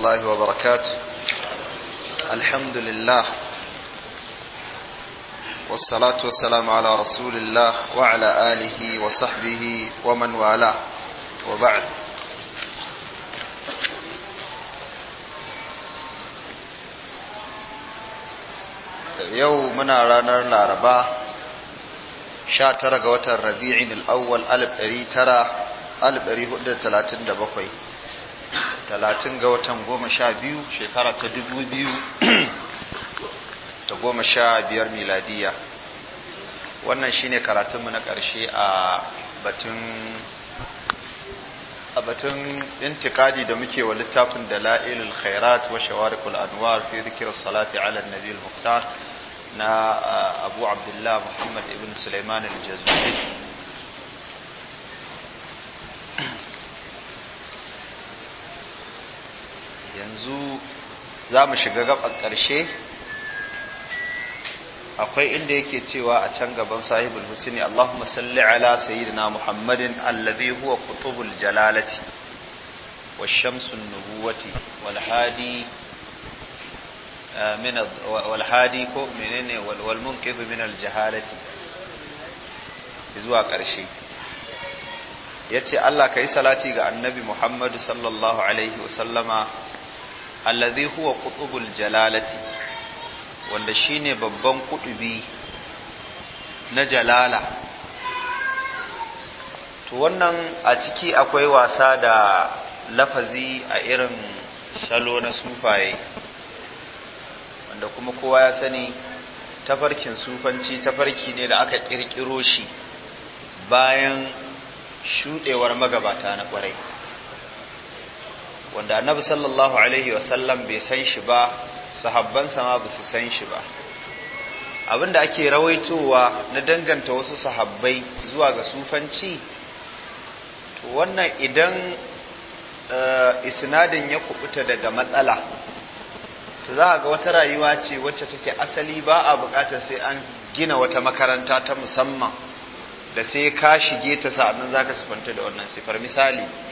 الله وبركاته الحمد لله والصلاة والسلام على رسول الله وعلى آله وصحبه ومن والاه وبعد yau الأول ألب أري ترى ألب أري هدر al'awwal 1437 talatin ga watan goma sha biyu shekara ta dubu biyu ta goma sha biyar miladiya wannan shine karatunmu na ƙarshe a batun a batun intikadi da muke wa littafin da dalailul khairat wa shawarikul anwar fi rikirar salati ala an-nabi al na abu abdullah muhammad ibn sulaiman al-jazuri yanzu za mu shiga gaban ƙarshe akwai inda yake cewa a can gaban sahibul husaini Allahumma salli ala sayyidina Muhammadin alladhi huwa qutubul jalalati eh, wal hadi ko menene wal من min al jahalati zuwa ƙarshe ya ce Allah ka yi salati ga annabi Muhammadu sallallahu Alaihi wasallama allazi huwa qutubul jalalati wanda shine babban kutubi na jalala to wannan a ciki akwai wasa da lafazi a irin shalo na sufaye wanda kuma kowa ya sani tafarkin sufanci tafarki ne da aka kirkiro shi bayan shudewar magabata na kwarai wanda annabi sallallahu alaihi wasallam bai san shi ba sahabbansa ma ba su san shi ba abinda ake rawaitowa na danganta wasu sahabbai zuwa ga sufanci to wannan idan eh, isnadin ya kubuta daga matsala to za a ga wata rayuwa ce wacce take asali ba a bukatar sai an gina wata makaranta ta musamman da sai ka shige ta sa'annan za ka sifanta da wannan sifar misali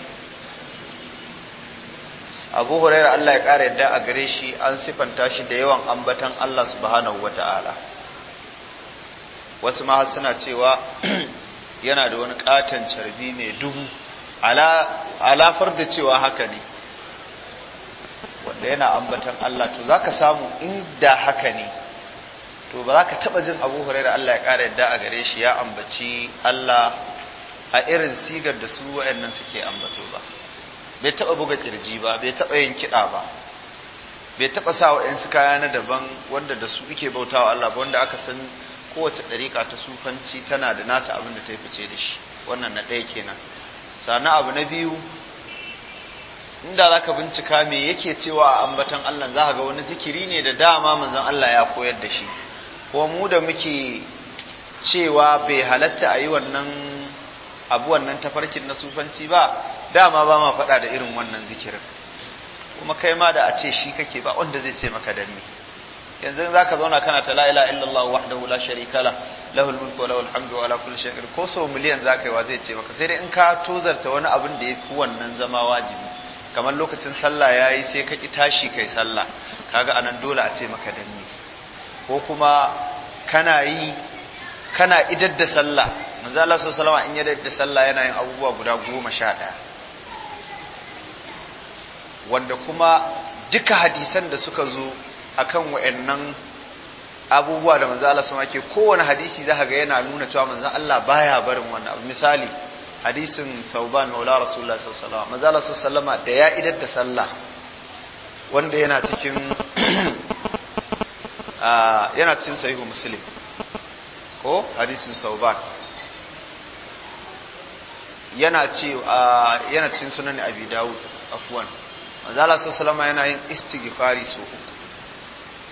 abu huraira Allah ya ƙara yadda a gare shi an sifanta shi da yawan ambatan Allah subhanahu wata'ala ta'ala wasu ma suna cewa yana da wani ƙaton carbi mai dubu alafar da cewa haka ne wanda yana ambatan Allah to za ka samu inda haka ne to ba za ka taɓa jin abu huraira Allah ya ƙara yadda a gare shi ya ambaci Allah a irin sigar da su waɗannan suke ambato ba bai taba buga kirji ba bai taba yin kiɗa ba bai taba sa wa ɗansu kaya na daban wanda da su ike bautawa Allah ba wanda aka san kowace ɗariƙa ta sufanci tana da nata abin da ta yi fice da shi wannan na ɗaya kenan sana abu na biyu inda za ka bincika me yake cewa a ambatan Allah za ga wani zikiri ne da dama manzon Allah ya koyar da shi ko mu da muke cewa bai halatta a yi wannan abu wannan tafarkin na sufanci ba dama ba ma faɗa da irin wannan zikirin kuma kai ma da a ce shi kake ba wanda zai ce maka danni yanzu za ka zauna kana ta la ilaha illallah wahdahu la sharika la lahul mulku wa lahul hamdu ala kulli shay'in ko sau miliyan za kai wa zai ce maka sai dai in ka tozarta wani abin da ya fi wannan zama wajibi kamar lokacin sallah yayi sai ka ki tashi kai sallah kaga anan dole a ce maka danni ko kuma kana yi kana idar da sallah manzo Allah sallallahu alaihi in ya da sallah yana yin abubuwa guda goma sha ɗaya wanda kuma duka hadisan da suka zo akan wa'annan abubuwa da manzo Allah sama ke kowane hadisi za ga yana nuna cewa manzo Allah baya barin wannan abu misali hadisin Thauban maula Rasulullah sallallahu alaihi wasallam manzo Allah sallallahu alaihi da ya idar da sallah wanda yana cikin ah, yana cikin sahihu muslim ko hadisin Sa'uban. yana ce yana cikin sunan abi dawud afwan manzo Allah sallallahu yana yin istighfari so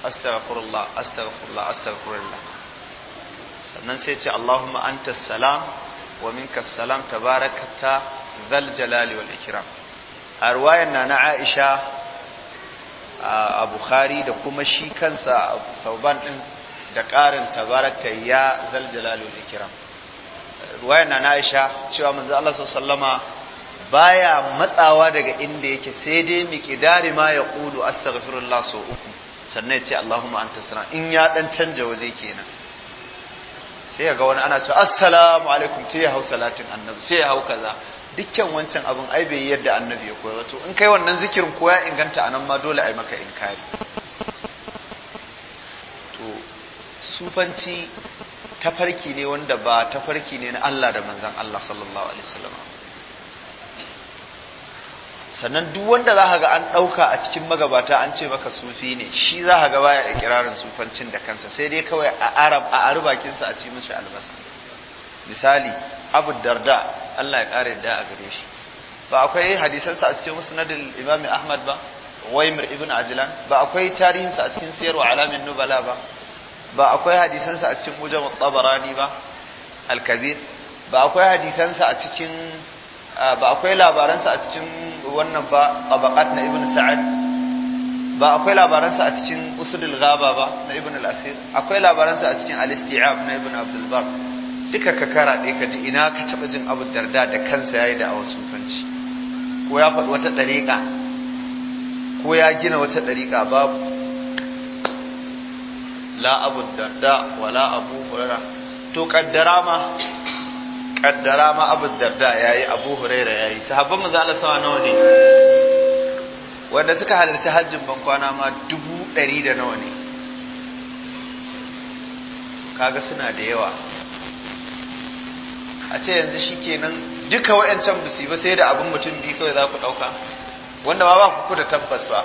astaghfirullah astaghfirullah astaghfirullah sannan sai ce Allahumma anta salam wa minka salam tabarakta zal jalali wal ikram a ruwayan na na Aisha a Bukhari da kuma shi kansa Sauban din da ƙarin tabarakta ya zal jalali wal ikram ruwayar na Aisha cewa manzo Allah sallama baya matsawa daga inda yake sai dai miqdari ma ya qulu astaghfirullah so uku sannan ya ce Allahumma anta sana in ya dan canja waje kenan sai ga wani ana cewa assalamu alaikum sai ya hau salatin annabi sai ya hau kaza dukkan wancan abin ai bai yadda annabi ya koya to in kai wannan zikirin ko ya inganta anan ma dole ai maka inkari to sufanci tafarki ne wanda ba tafarki ne na Allah da manzan Allah sallallahu alaihi wasallam sannan duk wanda za ka ga an ɗauka a cikin magabata an ce maka sufi ne shi za ka ga baya kirarin sufancin da kansa sai dai kawai a arab a arbakinsa a ci musu albasa misali abu darda Allah ya kare da a gare shi ba akwai hadisansa a cikin musnadin imami ahmad ba waimir ibn ajlan ba akwai tarihinsa a cikin siyarwa alamin nubala ba ba akwai hadisansa a cikin mujam tabarani ba al-kabir ba akwai hadisansa a cikin ba akwai labaransa a cikin wannan ba tabaqat na ibn sa'ad ba akwai labaransa a cikin usulul ghaba ba na ibn al-asir akwai labaransa a cikin al-isti'ab na ibn abdul bar duka ka kara dai ka ji ina ka taɓa jin abu darda da kansa yayi da awasu kanci ko ya faɗi wata ɗariƙa ko ya gina wata ɗariƙa babu la abu darda wala abu huraira to kaddara ma kaddara ma abu darda yayi abu huraira yayi sahabban manzo Allah sawa nawa ne wanda suka halarci hajjin ban kwana ma dubu ɗari da nawa ne kaga suna da yawa a ce yanzu shi shikenan duka wayancan bisi ba sai da abin mutum biyu kawai za ku ɗauka wanda ma ba ku da tabbas ba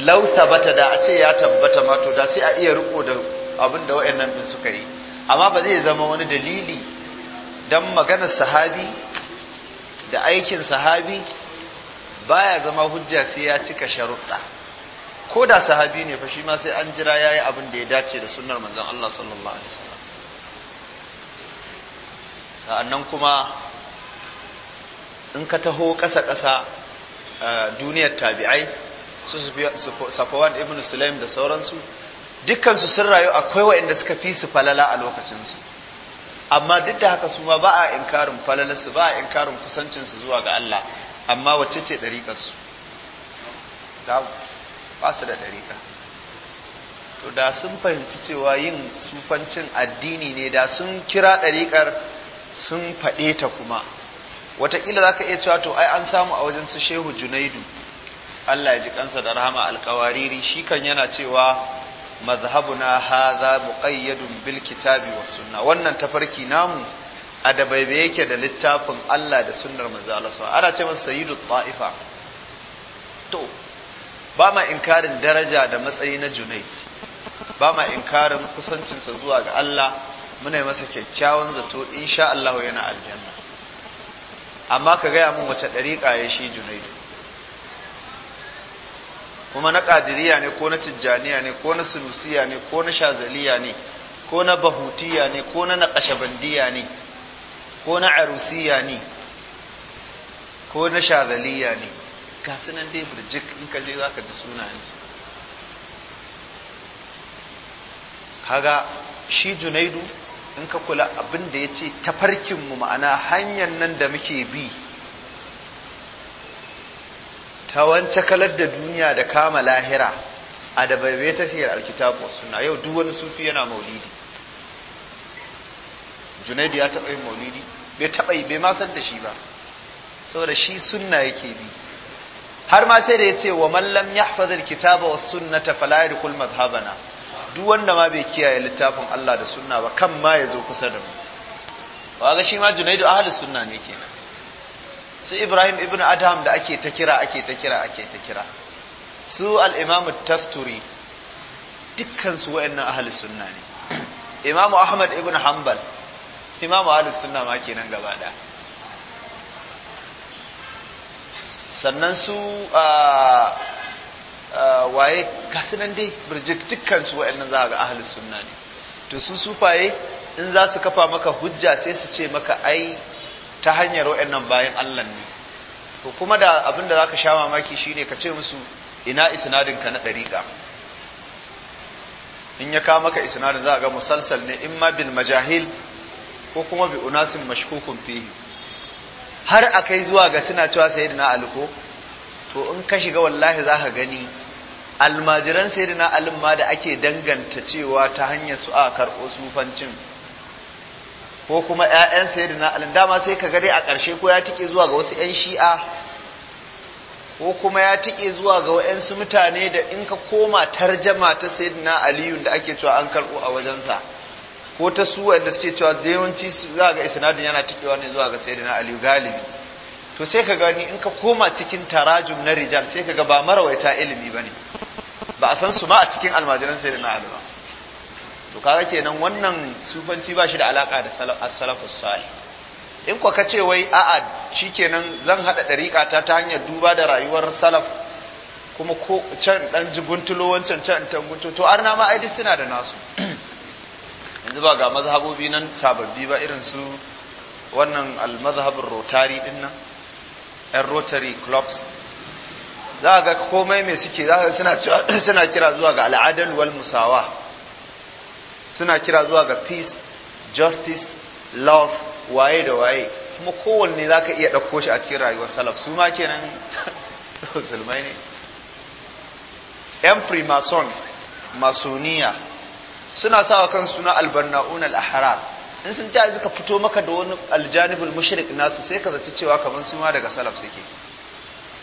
Lausa bata da a ce ya tabbata ma to da sai a iya riko da abin da wa'annan din suka yi amma ba zai zama wani dalili dan maganar sahabi da aikin sahabi baya zama hujja sai ya cika sharuɗa ko da sahabi ne fa shi ma sai an jira yayi abin da ya dace da sunnar manzon Allah sallallahu alaihi wasallam sa'annan kuma in ka taho ƙasa ƙasa eh, duniyar tabi'ai su safawan ibn sulaim da sauransu dukkansu sun rayu akwai waɗanda suka fi su falala a lokacinsu amma duk da haka su ma ba a inkarin falalarsu ba a inkarin kusancinsu zuwa ga Allah amma wacce ce ɗariƙarsu ba su da ɗariƙa to da sun fahimci cewa yin sufancin addini ne da sun kira ɗariƙar sun faɗe ta kuma wataƙila za ka iya cewa to ai an samu a wajen su shehu junaidu Allah ya ji kansa da rahama alkawariri shi kan yana cewa mazhabuna haza muqayyadun bil kitabi was sunna wannan tafarki namu a da yake da littafin Allah da sunnar manzo Allah ana ce masa sayidu ta'ifa to ba ma inkarin daraja da matsayi na junai ba ma inkarin kusancinsa zuwa ga Allah muna yi masa kyakkyawan zato insha Allah yana aljanna amma ka gaya mun wace dariƙa ya shi Junaidu kuma na ƙadiriya ne ko na tijjaniya ne ko na sunusiya ne ko na shazaliya ne ko na bahutiya ne ko na naƙashabandiya ne ko na arusiya ne ko na shazaliya ne ga sunan dai birjik in ka je za ka ji sunayensu kaga shi junaidu in ka kula abin da ya ce tafarkinmu ma'ana hanyar nan da muke bi ta wancan da duniya da kama lahira a da bai ta fiye alkitabu suna yau duk wani sufi yana maulidi junaidu ya taɓa yin maulidi bai taɓa yi bai masar da shi ba saboda shi sunna yake bi har ma sai da ya ce wa mallam ya fazar kitaba wa sunnata da kulma madhhabana duk wanda ma bai kiyaye littafin Allah da sunna ba kan ma ya zo kusa da mu ba ga shi ma junaidu ahlus sunna ne kenan su ibrahim ibn Adam da ake ta kira ake ta kira ake ta kira su al-imam tasturi dukkan su wayannan ahli sunna ne imam ahmad ibn hanbal imam ahli sunna ma kenan gaba da sannan su waye gasu nan dai birjik dukkan su wayannan za ga ahli sunna ne to su sufaye in za su kafa maka hujja sai su ce maka ai ta hanyar waɗannan bayan Allah ne to kuma da abin da ka sha mamaki shi ne ka ce musu ina isnadin ka na ɗariƙa in ya kawo maka isnadin za ga musalsal ne in ma bin majahil ko kuma bi unasin mashkukun fihi har akai zuwa ga suna cewa sayyidina na to in ka shiga wallahi za ka gani almajiran sayyidina ali ma da ake danganta cewa ta hanyar su a karɓo sufancin ko kuma ƴaƴan sayyidina ali dama sai ka dai a ƙarshe ko ya tike zuwa ga wasu ƴan shi'a ko kuma ya tike zuwa ga waɗansu mutane da in ka koma tarjama ta sayyidina aliyu da ake cewa an karɓo a wajensa ko ta su wanda suke cewa da yawanci za ga isnadin yana tikewa ne zuwa ga sayyidina aliyu galibi to sai ka gani in ka koma cikin tarajum na rijal sai ka ga ba marawaita ilimi bane ba a san su ma a cikin almajiran sayyidina ali ba to kaga kenan wannan sufanci ba shi da alaka da as-salafus salih in ko ce wai a'a kenan zan hada dariƙa ta ta hanyar duba da rayuwar salaf kuma ko can dan jiguntulo wancan can tan gunto to arna ma ai suna da nasu yanzu ba ga mazhabobi nan sababbi ba irin su wannan al-mazhabur rotari din nan yan rotary clubs za ga komai mai suke za suna suna kira zuwa ga al'adal wal musawa suna kira zuwa ga peace justice love waye da waye kuma kowanne za ka iya ɗauko shi a cikin rayuwar salaf su ma kenan musulmai ne yan primason masoniya suna sawa kan suna albarna'un al in sun ta suka fito maka da wani aljanibul mushrik nasu sai ka zaci cewa kamar su ma daga salaf suke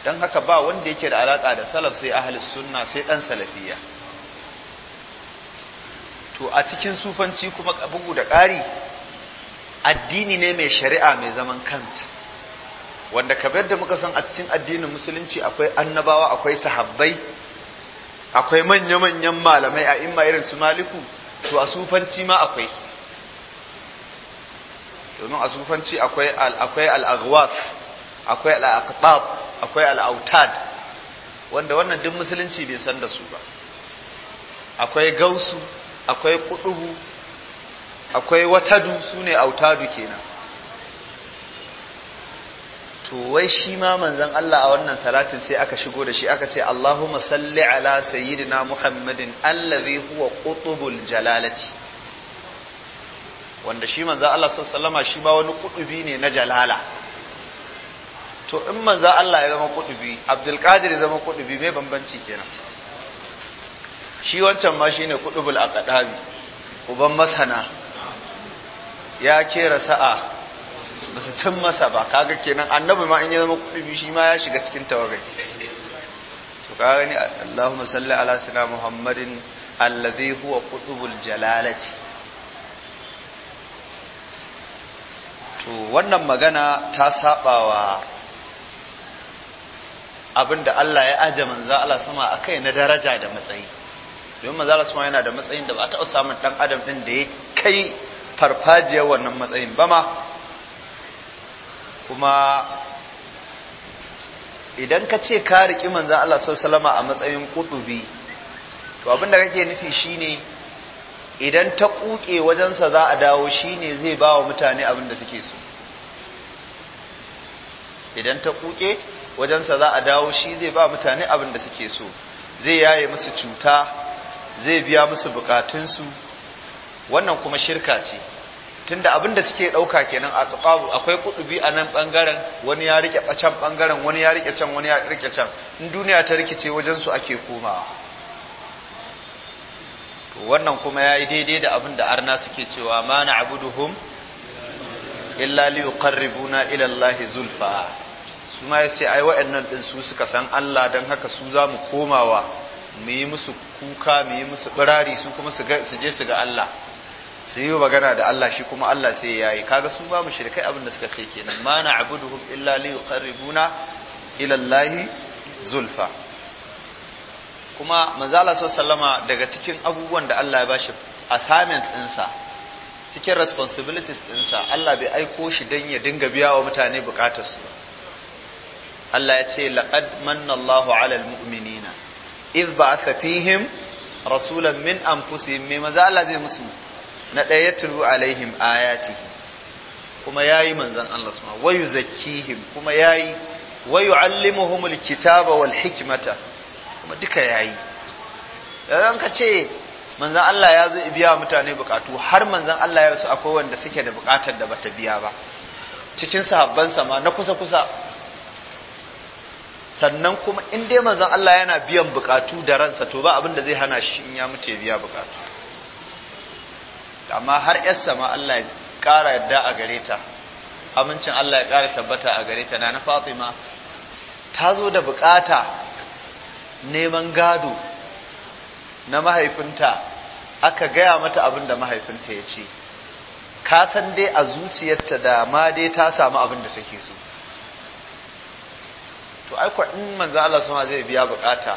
don haka ba wanda yake da alaka da salaf sai ahli sunna sai dan salafiya. to a cikin sufanci kuma bugu da ƙari addini ne mai shari'a mai zaman kanta wanda kamar da muka san a cikin addinin musulunci akwai annabawa akwai sahabbai akwai manya-manyan malamai a imma irin su maliku to a sufanci ma akwai domin a sufanci akwai al'agwaf akwai al'aqtab akwai al'autad wanda wannan duk musulunci bai san da su ba akwai gausu akwai kudubu akwai watadu su ne autadu kenan to wai shi ma manzan Allah a wannan salatin sai aka shigo da shi aka ce Allahumma salli ala sayyidina Muhammadin allazi huwa qutubul jalalati wanda shi manzan Allah sallama shi ma wani kudubi ne na jalala to in manzan Allah ya zama kudubi Abdul Qadir ya zama kudubi mai bambanci kenan shi wancan ma shine kudubul aqdami uban masana ya kera sa'a ba su cin masa ba kaga kenan annabi ma in ya zama kudubi shi ma ya shiga cikin tawagai to kaga ni Allahumma salli ala sayyidina Muhammadin alladhi huwa kudubul jalalati to wannan magana ta sabawa abinda Allah ya aje manzo Allah sama akai na daraja da matsayi domin maza Allah yana da matsayin da ba a taɓa samun dan adam din da ya kai farfajiyar wannan matsayin ba ma kuma idan ka ce ka riƙi manzo Allah sallallahu alaihi a matsayin kutubi to abinda kake nufi shine idan ta kuke wajensa za a dawo shine zai ba wa mutane abin suke so idan ta kuke wajensa za a dawo shi zai ba mutane abin da suke so zai yaye musu cuta zai biya musu bukatunsu wannan kuma shirka ce tunda abin da suke ɗauka kenan a tsakabu akwai kuɗubi a nan ɓangaren wani ya rike can ɓangaren wani ya rike can wani ya rike can in duniya ta rikice wajensu ake koma. To wannan kuma ya yi daidai da abinda arna suke cewa ma na abuduhum illa li yuqarribuna ila allahi zulfa su ma yace ai waɗannan din su suka san Allah dan haka su za mu komawa mu yi musu kuka mu yi musu birari su kuma su je su ga Allah su yi magana da Allah shi kuma Allah sai ya yi kaga su ba mu shirkai abin da suka ce kenan ma na abuduhum illa li yuqarribuna ila Allah zulfa kuma manzala sallama daga cikin abubuwan da Allah ya bashi assignment ɗinsa cikin responsibilities ɗinsa Allah bai aiko shi dan ya dinga biya wa mutane bukatarsu Allah ya ce laqad manna Allahu alal mu'minina iz ba'atha fihim rasulan min anfusihim me maza Allah zai musu na ɗaya ya alaihim ayati kuma yayi manzan Allah su wa yuzakkihim kuma yayi wa yuallimuhumul kitaba wal hikmata kuma duka yayi dan ka ce manzan Allah ya zo biya mutane bukatu har manzan Allah ya rasu akwai wanda suke da bukatar da bata biya ba cikin sahabban ma na kusa kusa sannan kuma in dai manzon Allah yana biyan bukatu da ransa to ba abin da zai hana shi in ya mutu ya biya bukatu amma har yarsa ma Allah ya ƙara yadda a gare ta amincin Allah ya kara tabbata a gare ta na na Fatima ta zo da bukata neman gado na mahaifinta aka gaya mata abin da mahaifinta ya ce ka san dai a zuciyarta da ma dai ta samu abin da take so to ai ko in manzo Allah sama zai biya bukata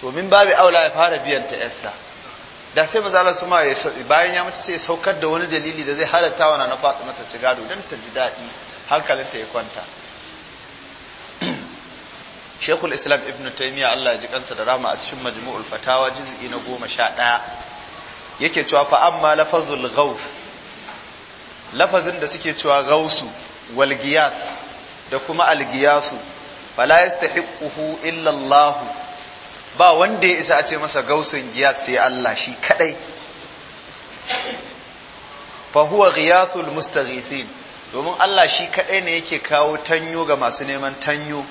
to min babu aula ya fara biyan ta yarsa da sai manzo Allah sama ya bayan ya mutu sai ya saukar da wani dalili da zai halatta wa na Fatima mata ci gado dan ta ji daɗi ta ya kwanta Sheikhul Islam Ibn Taymiyyah Allah ya ji kansa da rama a cikin Majmu'ul Fatawa juz'i na 11 yake cewa fa amma lafazul ghawf lafazin da suke cewa gausu wal da kuma al giyasu fala yastahiquhu illa Allah ba wanda ya isa a ce masa gausun giya sai Allah shi kadai fa huwa domin Allah shi kadai ne yake kawo tanyo ga masu neman tanyo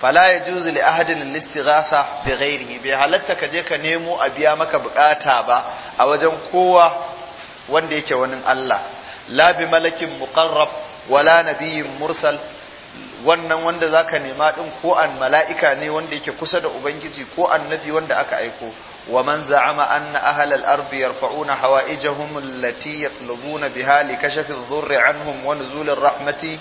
fala juzu li ahadin listighatha bi ghairihi bai halatta ka je ka nemo a biya maka bukata ba a wajen kowa wanda yake wani Allah la bi malakin muqarrab wala nabiyyin mursal wannan wanda zaka nema din ko an mala'ika ne wanda yake kusa da ubangiji ko annabi wanda aka aiko wa man za'ama anna ahla al-ardi yarfa'una hawa'ijahum allati yatlubuna biha li kashfi adh-dhurri anhum wa wani ar-rahmati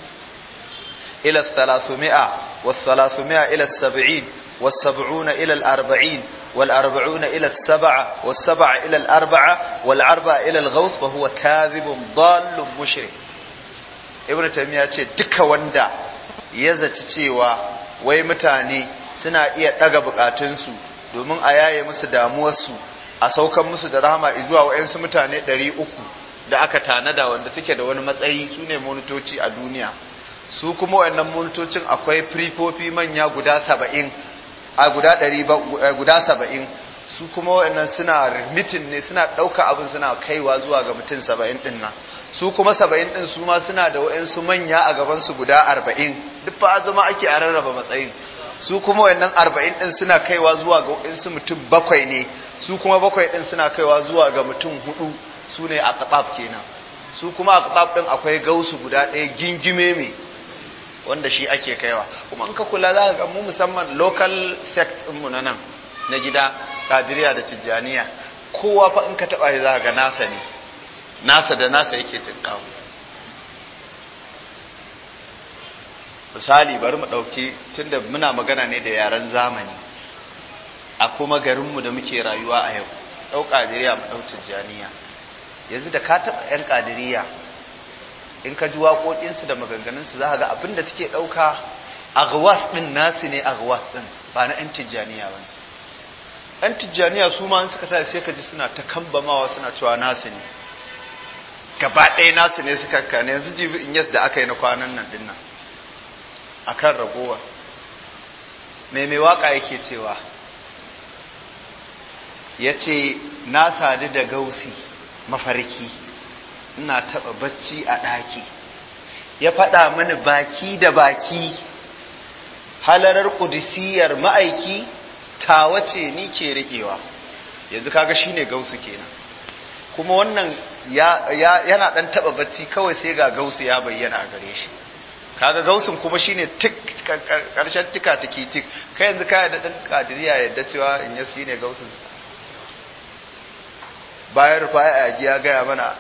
ila ath-thalathmi'a wath-thalathmi'a ila as-sab'in was-sab'una ila al-arba'in والأربعون إلى wa والسبعة إلى الأربعة والأربعة إلى الغوث فهو كاذب ضال mushrik. ابن تيمية ce duka wanda. ya zaci cewa wai mutane suna iya ɗaga bukatunsu domin a yaye musu damuwarsu a saukan musu da rahama zuwa 'yansu mutane 300 da aka tanada wanda suke da wani matsayi su ne monitoci a duniya su kuma wannan monitocin akwai firifofi manya guda saba'in a guda ɗari eh, guda saba'in su kuma wa'yannan suna mitin ne suna ɗauka abin suna kaiwa zuwa ga mutum saba'in ɗin su kuma saba'in ɗin su ma suna da wa'insu manya a gabansu guda arba'in duk fa zama ake a rarraba matsayin su kuma wayannan arba'in ɗin suna kaiwa zuwa ga wa'insu mutum bakwai ne su kuma bakwai ɗin suna kaiwa zuwa ga mutum hudu su ne a kaɓaf kenan su kuma a kaɓaf ɗin akwai gausu guda ɗaya gingime mai wanda shi ake kaiwa kuma in ka kula za ga mu musamman local sect mu na nan na gida kadiriya da tijjaniya kowa fa in ka taɓa za ga nasa ne nasa da nasa yake tinkawo misali bari mu ɗauki tunda muna magana ne da yaren zamani a kuma garinmu da muke rayuwa a yau ɗau ƙadiriya mu ɗau tijjaniya yanzu da ka taɓa 'yan ƙadiriya in ka ji waƙoƙinsu da maganganunsu za ka ga abin da suke ɗauka agwas ɗin nasu ne agwas ɗin ba na 'yan tijjaniya ba ne 'yan tijjaniya su ma suka tashi sai ka ji suna ta kambamawa suna cewa nasu ne gaba ɗaya nasu ne suka kane yanzu jibi in yas da aka yi na kwanan nan dinnan a kan ragowa mai mai waka yake cewa ya ce na sadu da gausi mafarki ina taɓa bacci a ɗaki ya faɗa mani baki da baki halarar ƙudisiyar ma'aiki ta wace ni ke riƙewa yanzu kaga shine gausu kenan kuma wannan yana dan taba bacci kawai sai ga gausu ya bayyana a gare shi kaga gausun kuma shine tik karshen tika tiki tik kai yanzu kai da dan kadiriya yadda cewa in ya shine gausun bayan rufa'i a ya gaya mana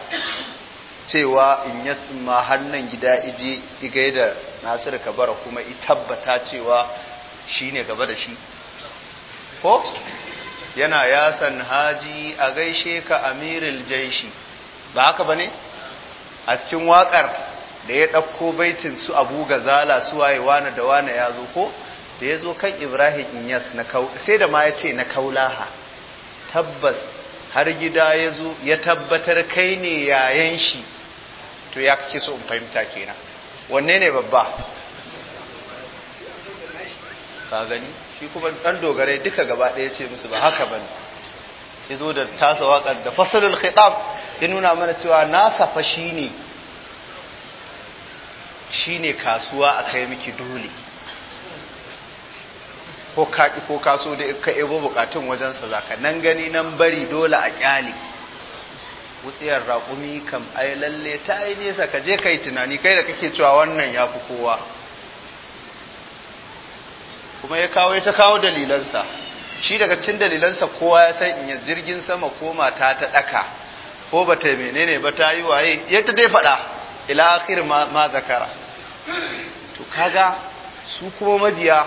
cewa in ya ma hannun gida iji igai da nasiru kabara kuma i tabbata cewa shine gaba da shi ko yana yasan haji a gaishe ka amiril jaishi ba haka ba ne a cikin waƙar da ya ɗauko baitin su abu zala su waye wane da wane ya zo ko da ya zo kan ibrahim inyas na sai da ma ya ce na kaulaha tabbas har gida ya zo ya tabbatar kai ne yayan shi to ya kace su in fahimta kenan wanne ne babba ka gani shi kuma dan dogare duka gaba ɗaya ce musu ba haka ba ne. ya zo da tasa waƙar da fasalul khitab ya nuna mana cewa nasa fa shine shine kasuwa a kai miki dole ko kaki ko kaso da ka ebo bukatun wajensa za ka nan gani nan bari dole a kyale. wutsiyar raƙumi kam ai lalle ta yi nesa ka je ka yi tunani kai da kake cewa wannan ya fi kowa kuma ya kawo ya ta kawo dalilansa shi daga cin dalilansa kowa ya san in jirgin sama ko mata ta ɗaka ko ba ta menene ba ta yi waye yadda ta dai faɗa ila akhir ma zakara to kaga su kuma mabiya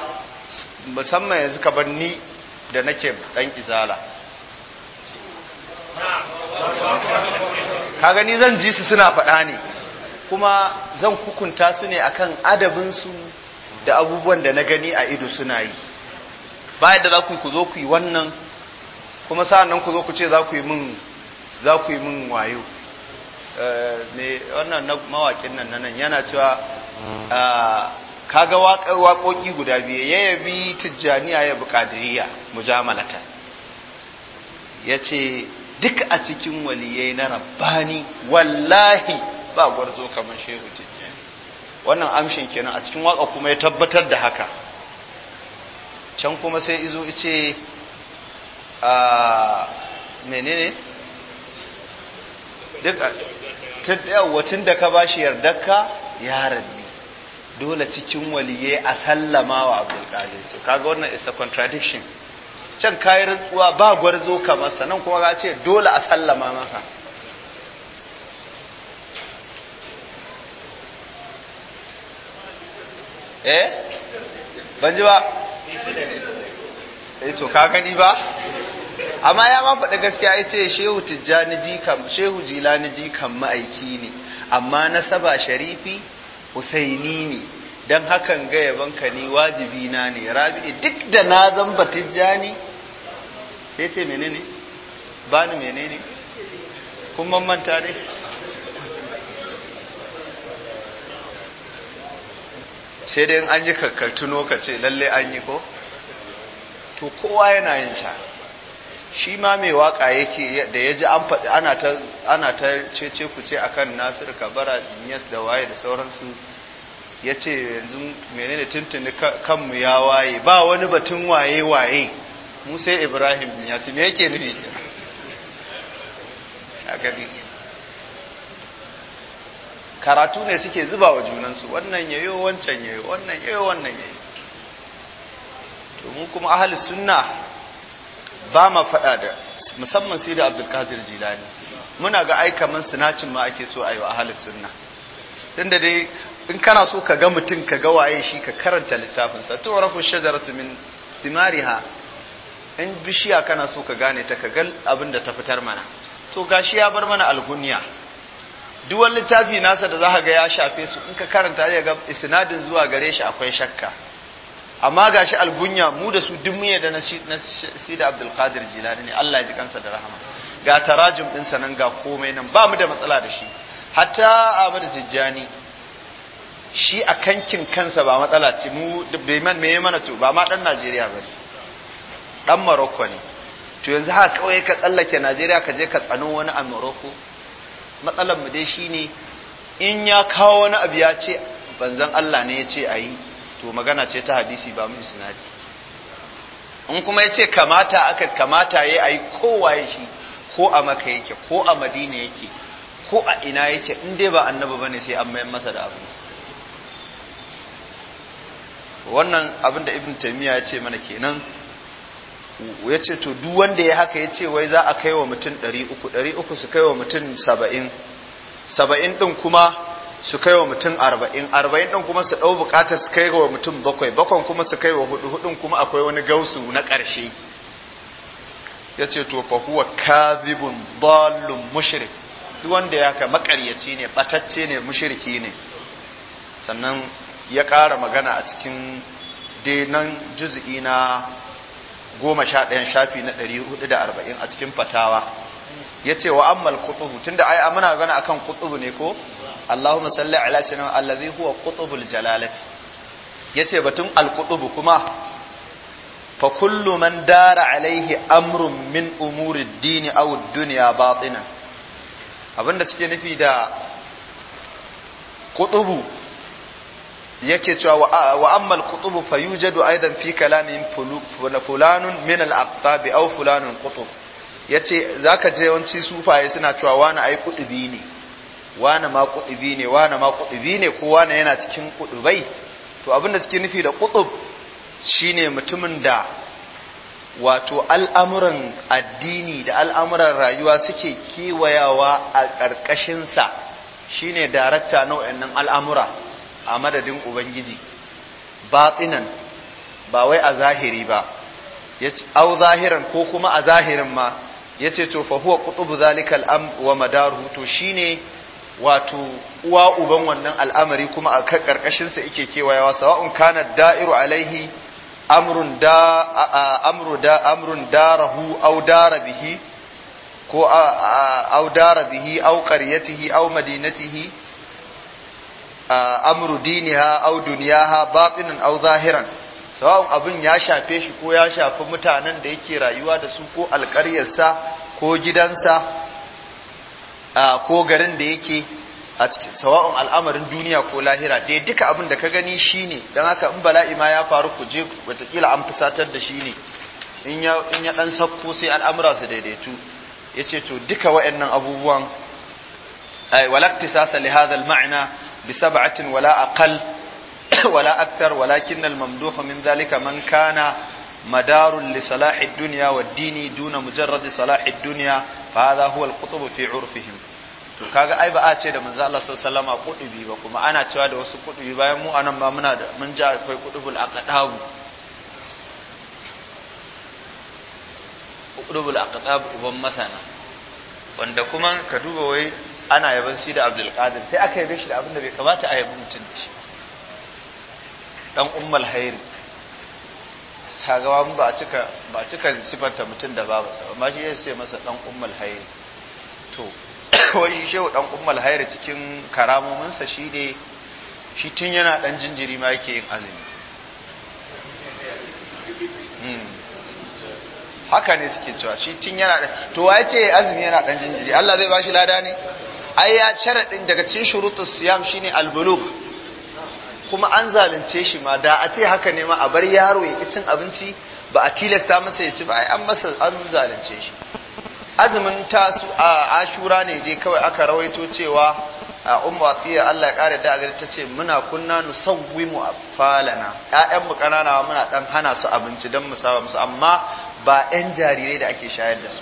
musamman yanzu ka bar ni da nake dan izala kaga ni zan ji su suna faɗa ne kuma zan hukunta su ne akan adabin su da abubuwan da na gani a ido suna yi bayan da za ku zo ku yi wannan kuma sa'an nan ku zo ku ce za ku yi min za ku yi min wayo eh, wannan mawakin nan nan yana cewa mm. ah, kaga waƙar waƙoƙi guda biyu ya yabi tijjaniya ya bi ƙadiriya mujamalata ya ce duk a cikin waliyai na rabbani wallahi ba gwarzo kamar shehu tijjani wannan amshin kenan a cikin waka kuma ya tabbatar da haka can kuma sai izo ice a ah, menene duk tun da ka bashi yardarka ya rabbi dole cikin waliye a sallama wa abdulkadir to kaga wannan is a contradiction can kayi rantsuwa ba zo ka masa, nan kuma ka ce dole a sallama masa eh ban ji ba eh to ka gani ba amma ya ma faɗa gaskiya ya ce shehu tijjani jikan shehu jilani jikan ma'aiki ne amma nasaba sharifi husaini ne don hakan ga yabanka ni wajibi na ne rabi'i duk da na zamba tijjani sai ce menene bani menene kun mamanta ne sai dai an yi kakkatuno ka ce lalle an yi ko to kowa yana yin sa shi ma mai waka yake da ya ji an faɗi ana ta cece ku ce akan Nasir Kabara yes da waye da sauransu ya ce yanzu menene tuntuni kanmu ya waye ba wani batun waye waye Musa Ibrahim Inyas me yake nufi a gani karatu ne suke zuba wa junansu wannan yayo wancan yayo wannan yayo wannan yayo to mu kuma ahli sunna ba ma faɗa da musamman sai da abdulkadir jilani muna ga ai kaman sinacin ma ake so a yi wa ahli sunna tunda dai in kana so ka ga mutum ka ga waye shi ka karanta littafinsa to rafu shajaratu min thimariha in bishiya kana so ka gane ta ka ga abin da ta fitar mana to gashi ya bar mana algunya Duwan littafi nasa da za ga ya shafe su in ka karanta ya ga isnadin zuwa gare shi akwai shakka amma ga shi algunya mu da su duk muye da na sida abdul qadir jilani ne Allah ya ji kansa da rahama ga tarajum din sa nan ga komai nan ba mu da matsala da shi hatta Ahmad Tijjani shi a kankin kansa ba matsala ce mu bai man me mana to ba ma dan Najeriya ba dan Morocco ne to yanzu haka kawai ka tsallake Najeriya ka je ka tsano wani a Morocco matsalar mu dai shine in ya kawo wani abu ya ce banzan Allah ne ya ce ayi to magana ce ta hadisi ba mu isnadi in kuma yace ce kamata aka kamata ya yi kowa shi ko a maka yake ko a madina yake ko a ina yake in dai ba annabi bane sai an mayan masa da abin wannan abin da ibn taymiya ya ce mana kenan ya ce to duk wanda ya haka ya ce wai za a kai wa mutum 300 300 su kai wa mutum 70 70 din kuma su kai wa mutum arba'in arba'in ɗin kuma su ɗau bukatar su kai wa mutum bakwai bakwan kuma su kai wa hudu hudun kuma akwai wani gausu na ƙarshe ya ce to fa huwa kadhibun dallun mushrik duk wanda ya ka makaryaci ne batacce ne mushriki ne sannan ya ƙara magana a cikin denan juz'i na goma sha ɗayan shafi na ɗari hudu da arba'in a cikin fatawa ya ce wa ammal kutubu tunda ai muna gana kan kutubu ne ko Allahumma salli ala sayyidina allazi huwa qutubul jalalati yace batun al kuma fa kullu man dara alaihi amrun min umuri dini aw dunya batina abinda suke nufi da qutubu yake cewa wa amma al-qutubu fayujadu aidan fi kalamin fulanun min al-aqtabi aw fulanun qutub yace zaka je yawanci sufaye suna cewa wani ai kudubi ne wane ma kudubi ne wane ma kudubi ne ko wane yana cikin kudubai to abinda suke nufi da kuɗub shine mutumin da wato al'amuran addini da al'amuran rayuwa suke kewayawa a ƙarƙashinsa shine darakta na nan al'amura a madadin ubangiji tsinan ba wai a zahiri ba au zahiran ko kuma a zahirin ma ya ce to fa zalikal qutubu wa madaruhu to shine wato uwa uban wannan al'amari kuma a kan karkashinsa yake kewayawa sawa'un kana da'iru alaihi amrun da amru da amrun darahu aw dara bihi ko aw dara bihi aw qaryatihi aw madinatihi amru diniha aw dunyaha batinan aw zahiran sawa'un abin ya shafe shi ko ya shafi mutanen da yake rayuwa da su ko alƙaryarsa ko gidansa ko garin da yake a cikin sawa'un al'amarin duniya ko lahira dai duka abin da ka gani shine dan haka in bala'i ma ya faru ku je watakila an fusatar da shi ne in ya in ya dan sakko sai al'amura su daidaitu yace to duka wayannan abubuwan ay walaktisasa li hadha al-ma'na bi sab'atin wala aqal wala akthar walakin al-mamduh min dhalika man kana مدار لصلاح الدنيا والدين دون مجرد صلاح الدنيا فهذا هو القطب في عرفهم to kaga ai ba a ce da manzo Allah sallallahu alaihi kudubi ba kuma ana cewa da wasu kudubi bayan mu anan ba muna da mun ji akwai kudubul aqdabu kudubul aqdabu uban masana wanda kuma ka duba wai ana yaban shi da Abdul Qadir sai aka yabe shi da abin da bai kamata a yabi mutum da shi dan ummul hayr kaga ba cika ba cika sifanta mutum da babu sa amma shi ya masa dan ummul hayr to wai shehu dan ummal hayar cikin karamominsa shi ne shi tun yana dan jinjiri ma yake yin azumi hmm. haka ne suke cewa shi tun yana dan to wai ce azumi yana dan jinjiri Allah zai bashi lada ne ai ya sharadin daga cikin shurutus siyam shine al kuma an zalunce shi ma da a ce haka ne ma a bar yaro ya ki cin abinci ba a tilasta masa ya ci ba ai an masa an zalunce shi azumin tasu a ashura ne je kawai aka rawaito cewa a ummu atiya Allah ya kare da ta ce muna kunna nu mu afalana ƴaƴan mu kanana muna ɗan hana su abinci dan mu saba musu amma ba 'yan jarirai da ake shayar da su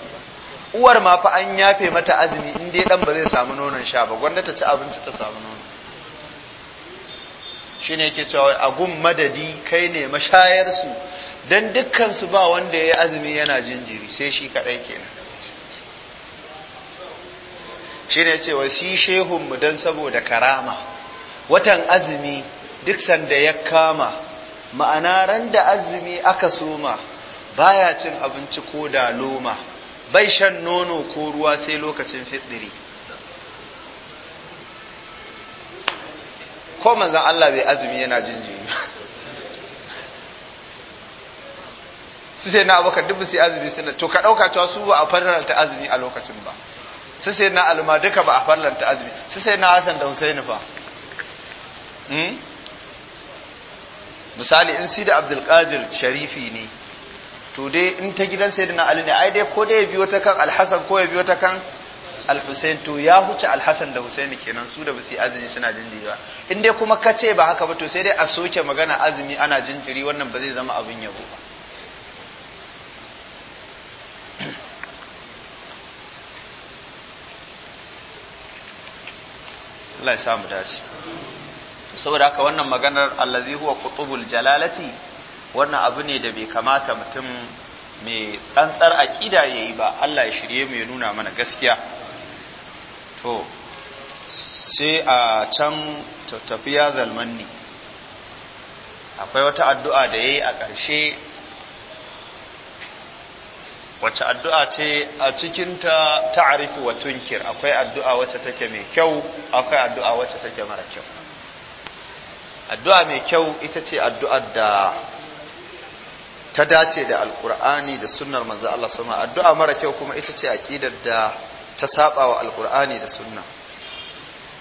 uwar ma fa an yafe mata azumi in dai dan ba zai samu nonon sha ba gwanda ta ci abinci ta samu nono shine yake cewa a gun madadi kai ne mashayar su dan dukkan su ba wanda ya yi azumi yana jinjiri sai shi kaɗai kenan shine ce wa si shehun mu dan saboda karama watan azumi duk sanda ya kama ma'ana ran da azumi aka soma baya cin abinci ko da loma bai shan nono ko ruwa sai lokacin fitiri ko manzan Allah bai azumi yana jinjiri su sai na abokan dubu sai azumi suna to ka ɗauka cewa su ba a ta azumi a lokacin ba sai sai na alma duka ba a farlanta azumi su sai na hasan da husain fa hmm? misali in si da qadir sharifi ne to dai in ta gidan sai ali ne ai dai ko dai ya biyo ta kan alhassan ko ya biyo ta kan alhusain to ya huce alhassan da husaini kenan su da basu azumi suna jinjiri ba in dai kuma kace ba haka ba to sai dai a soke magana azumi ana jinjiri wannan ba zai zama abin yabo ba Allah ya samu dace saboda haka wannan maganar allazi huwa qutubul jalalati wannan abu ne da bai kamata mutum mai tsantsar aqida yayi ba Allah ya shirye mu ya nuna mana gaskiya to sai a can tafiya zalmanni akwai wata addu'a da yayi a ƙarshe wacce addu'a ce a cikinta ta'arifu wa tunkir akwai addu'a wacce take mai kyau akwai addu'a wacce take mara kyau addu'a mai kyau ita ce addu'ar da ta dace da alƙur'ani da sunnar manzo Allah sama addu'a mara kyau kuma ita ce aqidar da ta saba wa alkur'ani da sunna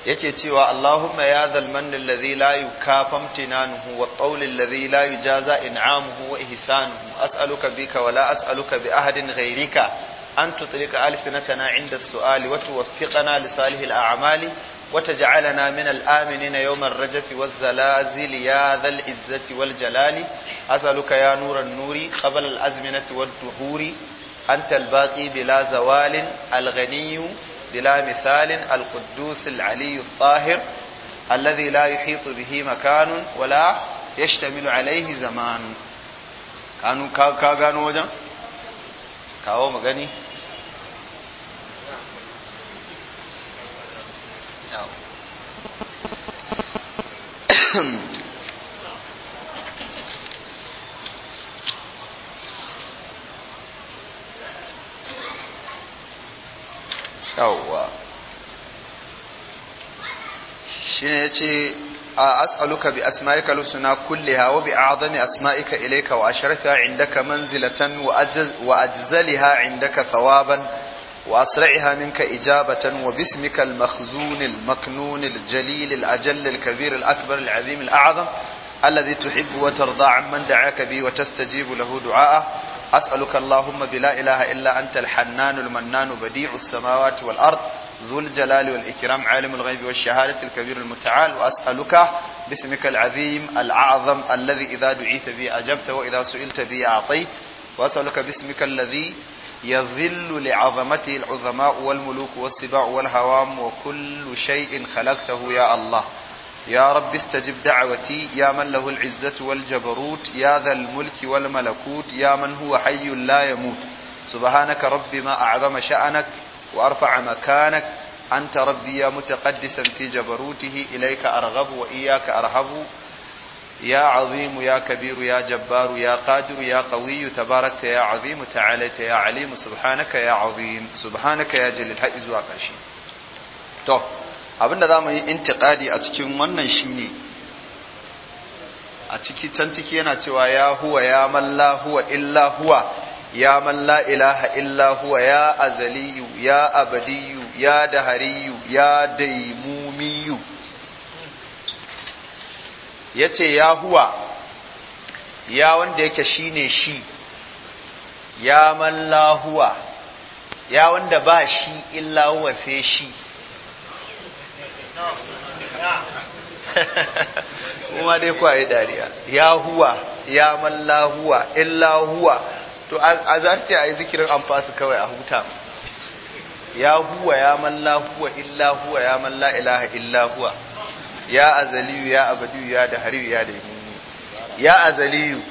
yake cewa Allahumma ya zalmanni alladhi la yukafam tinanuhu wa qawl alladhi la yujaza in'amuhu wa ihsanuhu as'aluka bika wa la as'aluka bi ahadin ghayrika an tutlika alsinatana 'inda as-su'ali wa tuwaffiqana li salihi al-a'mali wa taj'alana min al-aminina yawm ar-rajfi waz-zalazil ya dhal izzati wal jalali as'aluka ya nuran nuri qabla al-azminati wad-duhuri anta al-baqi bila zawalin al-ghaniyyu بلا مثال القدوس العلي الطاهر الذي لا يحيط به مكان ولا يشتمل عليه زمان كانوا كا غانو وجن كاو مغني نعم yawwa shine yace a as'aluka bi asma'ika lusuna kulliha wa bi a'zami asma'ika ilayka wa ashrafiha indaka manzilatan wa ajzaliha indaka thawaban wa wa asra'iha minka ijabatan bismika al-makhzun al-maknun al-jalil al-ajall al-kabir al-akbar al-azim al-a'zam alladhi tuhibbu wa تحب وترضى da'aka bi wa tastajibu lahu du'a'a أسألك اللهم بلا إله إلا أنت الحنان المنان بديع السماوات والأرض ذو الجلال والإكرام عالم الغيب والشهادة الكبير المتعال وأسألك باسمك العظيم الأعظم الذي إذا دعيت بي أجبت وإذا سئلت بي أعطيت وأسألك باسمك الذي يظل لعظمته العظماء والملوك والسباع والهوام وكل شيء خلقته يا الله يا رب استجب دعوتي يا من له العزة والجبروت يا ذا الملك والملكوت يا من هو حي لا يموت سبحانك رب ما أعظم شأنك وأرفع مكانك أنت ربي يا متقدسا في جبروته إليك أرغب وإياك أرهب يا عظيم يا كبير يا جبار يا قادر يا قوي تباركت يا عظيم تعاليت يا عليم سبحانك يا عظيم سبحانك يا جليل هاي زواق عشي abinda za mu yi intiƙadi a cikin wannan shine a ciki can ciki yana cewa ya huwa ya malla huwa illa huwa ya malla ilaha illa huwa ya azaliyu ya abadiyu ya dahariyu ya daimumiyu yace ya huwa ya wanda yake shine shi ya malla huwa ya wanda ba shi illa huwa sai shi kuma dai kuwa ya dariya ya huwa ya malla huwa illa huwa to a za ce a yi zikirin an fasu kawai a huta ya huwa ya malla huwa illa huwa ya malla ilaha illa huwa ya azaliyu ya abadiyu ya da hariyu ya da yi ya azaliyu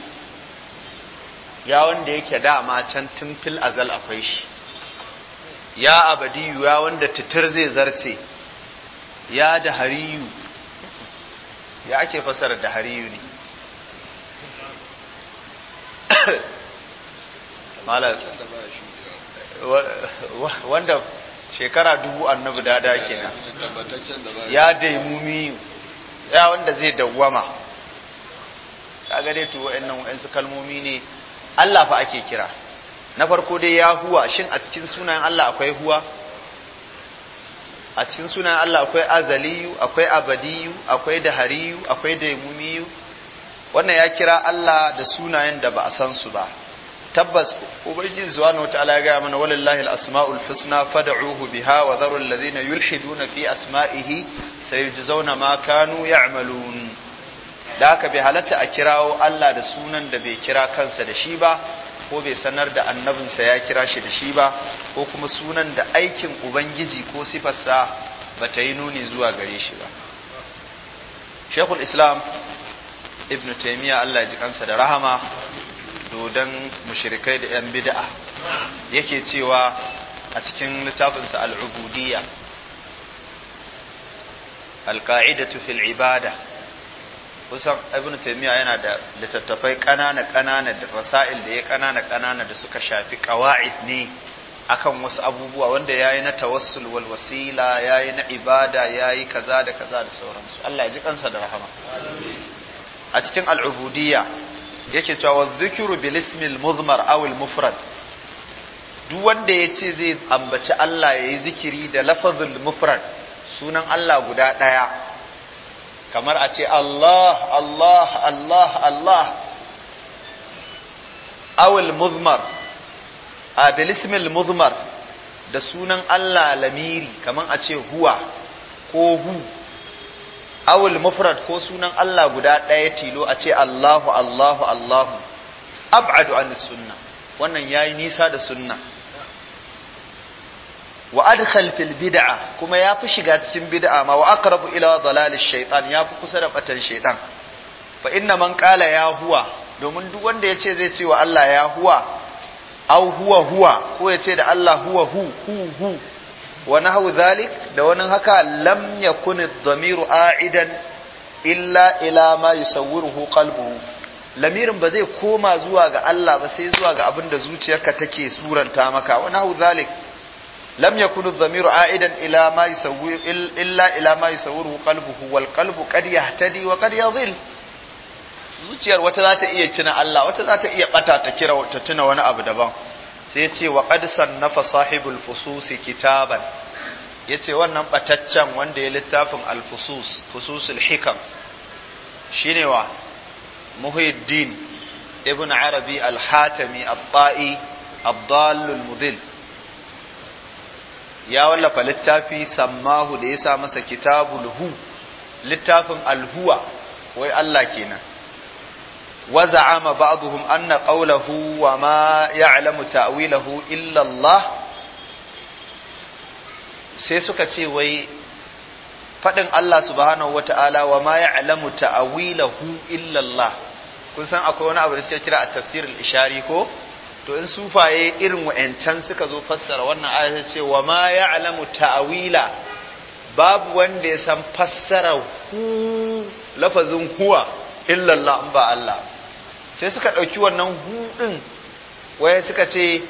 ya wanda yake dama can tun fil azal akwai shi ya abadiyu ya wanda titir zai zarce ya da hariyu ya ake fasara da hariyu ne wanda shekara dubu da ke kenan ya daimumi ya wanda zai dawwama kaga dai to wa'annan wa'ansu kalmomi ne Allah fa ake kira na farko dai ya huwa shin a cikin sunayen Allah akwai huwa a cikin sunan Allah akwai azaliyu akwai abadiyu akwai dahariyu akwai daimumiyu wannan ya kira Allah da sunayen da ba a san su ba tabbas ubangiji subhanahu wataala ya gaya mana walillahi al-asma'ul husna fad'uhu biha wa dharu alladhina yulhiduna fi asma'ihi sayujzauna ma kanu ya'malun da haka bai halatta a kirawo Allah da sunan da bai kira kansa da shi ba ko bai sanar da annabinsa ya kira shi da shi ba ko kuma sunan da aikin ubangiji ko sifarsa ba ta yi nuni zuwa gare shi ba shekul islam ibn taimiyya allah ji kansa da rahama dodon mushirikai da 'yan bida'a yake cewa a cikin littafinsa al'ubudiyya al-qa'idatu fil ibada kusan ibn taymiya yana da littattafai kanana kanana da fasail da ya kanana kanana da suka shafi qawaid ne akan wasu abubuwa wanda yayi na tawassul wal wasila yayi na ibada yayi kaza da kaza da sauransu Allah ya ji kansa da rahama a cikin al'ubudiyya yake cewa wa dhikru bil ismi al muzmar aw al mufrad duk wanda ya ce zai ambaci Allah yayi zikiri da lafazul mufrad sunan Allah guda ɗaya kamar a ce Allah Allah Allah Allah awul muzmar a bilismil muzmar da sunan Allah lamiri kamar a ce huwa ko hu awul mufrad ko sunan Allah guda ɗaya tilo a ce Allahu Allahu Allahu ab'adu an sunna wannan yayi nisa da sunna wa adkhal fil bid'a kuma ya fi shiga cikin bid'a ma wa aqrabu ila dalalish shaytan ya fi kusa da batan shaytan fa inna man qala ya huwa domin duk wanda yace zai ce wa Allah ya huwa au huwa huwa ko yace da Allah huwa hu hu hu wa nahwu dhalik da wani haka lam yakun ad-damiru a'idan illa ila ma yusawwiruhu qalbuhu lamirin ba zai koma zuwa ga Allah ba sai zuwa ga abin da zuciyarka take suranta maka wa nahwu dhalik lam yakunu dhamiru aidan ila ma yusawwir illa ila ma yusawwiru qalbuhu wal qalbu qad yahtadi wa qad yadhill zuciyar wata za ta iya tuna Allah wata za ta iya bata ta kira ta tuna wani abu daban sai ce wa qad sannafa sahibul fususi kitaban yace wannan bataccen wanda ya littafin al fusus fususul hikam shine wa muhiddin ibn arabi al hatimi al ta'i al mudil ya wallafa littafi sammahu da ya sa masa kitabul hu littafin alhuwa wai Allah kenan waza'ama za'ama ba'dhum anna qawlahu wa ma ya'lamu ta'wilahu illa Allah sai suka ce wai fadin Allah subhanahu wata'ala wa ma ya'lamu ta'wilahu illa Allah kun san akwai wani abu da suke kira a tafsir ishari ko to in sufaye irin wa'ancan suka zo fassara wannan aya ce wa ma ya'lamu ta'wila babu wanda ya san fassara hu lafazin huwa illa Allah in ba Allah sai suka ɗauki wannan hu din waye suka ce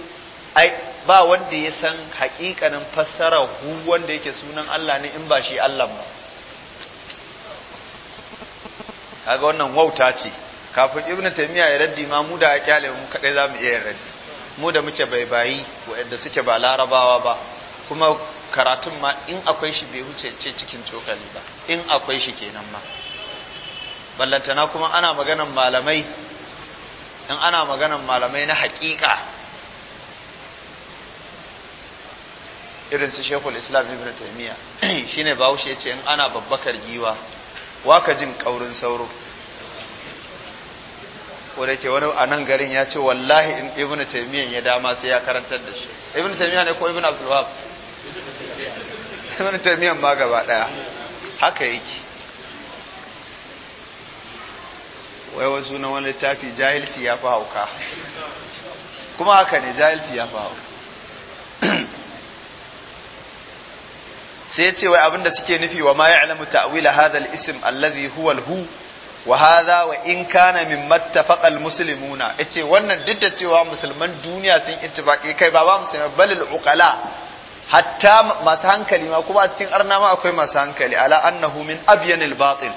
ai ba wanda ya san haƙiƙanin fassara hu wanda yake sunan Allah ne in ba shi Allah ba kaga wannan wauta ce kafin ibnu taymiya ya raddi ma mu da kyale mu kadai zamu iya raddi mu da muke baibayi waɗanda suke ba larabawa ba kuma karatun ma in akwai shi bai huce ce cikin cokali ba in akwai shi kenan ma ballantana kuma ana maganan malamai in ana maganan malamai na haƙiƙa irin su shekul islam ibn taimiyya shine bahaushe ya ce in ana babbakar giwa waka jin kaurin sauro da yake wani a nan garin ya ce wallahi in ibnu taymiyyah ya dama sai ya karantar da shi ibnu taymiyyah ne ko ibnu abdul wahab ibnu taymiyyah ma gaba daya haka yake wai wasu na wani littafi jahilci ya fi hauka kuma haka ne jahilci ya fi hauka sai ya ce wai abinda suke nufi wa ma ya'lamu ta'wila hadha al-ism alladhi huwa al-hu wa hadha wa in kana mimma musulmuna. yace wannan duk da musulman duniya sun ittifaqi kai ba ba musulman balil uqala hatta masu hankali ma kuma a cikin arna akwai masu hankali ala annahu min abyanil batil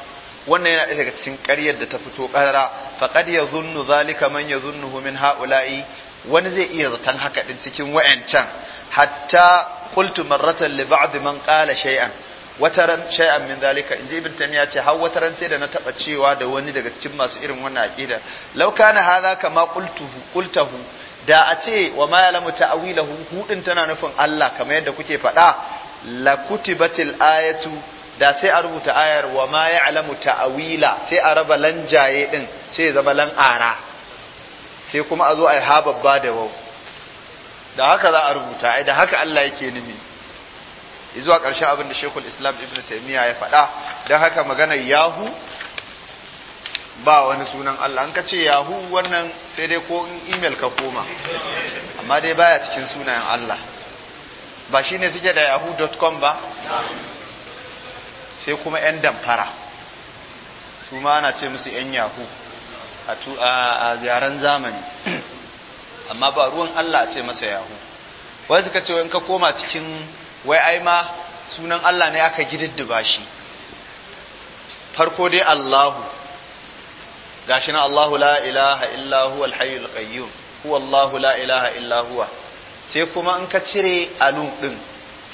wannan yana daga cikin ƙaryar da ta fito ƙarara faqad yazunnu zalika man yazunnuhu min haula'i wani zai iya zaton haka ɗin cikin wayancan hatta qultu marratan li ba'd man qala shai'an. wataran shay'an min zalika inji ibn tamiya ce har wataran sai da na taba cewa da wani daga cikin masu irin wannan aqida law kana hadha kama qultuhu qultahu da a ce wa ma ya'lamu ta'wilahu hudin tana nufin Allah kamar yadda kuke faɗa la kutibatil ayatu da sai a rubuta ayar wa ma ya'lamu ta'wila sai a raba lanjaye din sai zama lan ara sai kuma a zo a yi babba da wau da haka za a rubuta ai da haka Allah yake nufi zuwa ƙarshen abin da shekul islam ibn taimiyya ya faɗa don haka maganar yahu ba wani sunan Allah an ka ce yahu wannan sai dai ko in imel ka koma amma dai baya cikin sunayen Allah ba shi ne suke da yahu.com ba sai kuma 'yan damfara su ma ana ce musu 'yan yahu a ziyaran zamani amma ba ruwan Allah a ce masa yahu wai suka ce in ka koma cikin wai ai ma sunan Allah ne aka gididdiba shi farko dai Allahu gashi na Allahu la ilaha illa huwa al-hayyul qayyum huwa Allahu la ilaha illa huwa sai kuma in ka cire alun din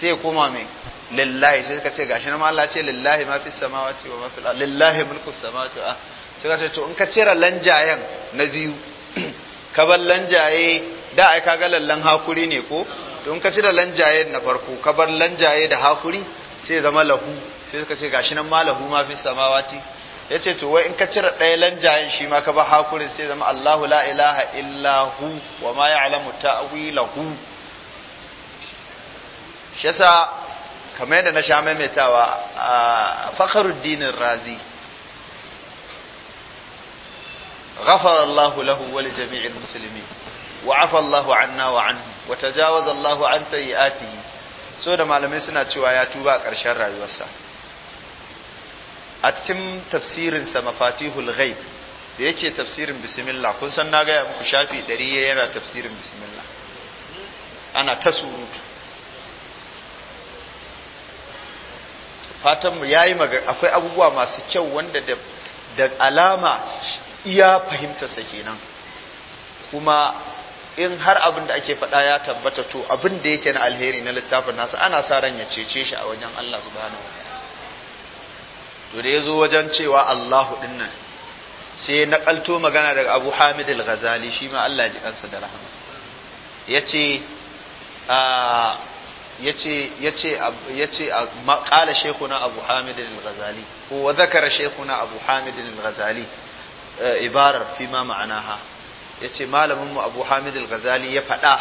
sai kuma me lillahi sai ka ce gashi na ma Allah ce lillahi ma fi samawati wa ma fil ardi lillahi mulku samawati wa ah. sai ka ce to in ka cire lanjayen na biyu ka bar lanjaye da ai ka ga lallan hakuri ne ko don ka cire lanjaye na farko ka bar lanjaye da hakuri sai zama lahu sai suka ce gashi nan ma lahu ma fi samawati yace to wai in ka cire ɗaya lanjayen shi ma ka bar hakurin sai zama Allahu la ilaha illa hu wa ma ya'lamu ta'wilahu shi yasa kamar yadda na sha maimaitawa a fakharuddin razi غفر الله له ولجميع المسلمين وعفى الله عنا وعنه wa tajawaza Allahu an sayyi'atihi so da malamai suna cewa ya tuba a ƙarshen rayuwarsa a cikin tafsirin sa mafatihul ghaib da yake tafsirin bismillah kun san na gaya muku shafi 100 yana tafsirin bismillah ana ta surutu fatanmu ya yi magana akwai abubuwa masu kyau wanda da alama iya fahimtarsa kenan kuma in har abin da ake faɗa ya tabbata to abin da yake na alheri na littafin nasa ana sa ran ya cece shi a wajen Allah subhanahu to da yazo wajen cewa Allahu dinnan sai nakalto magana daga Abu Hamid al-Ghazali shi ma Allah ji kansa da rahama yace a yace yace yace qala shaykhuna Abu Hamid al-Ghazali ko wa dhakara shaykhuna Abu Hamid al-Ghazali eh, ibarar fi ma ma'anaha ya ce malaminmu abu hamid al-ghazali ya faɗa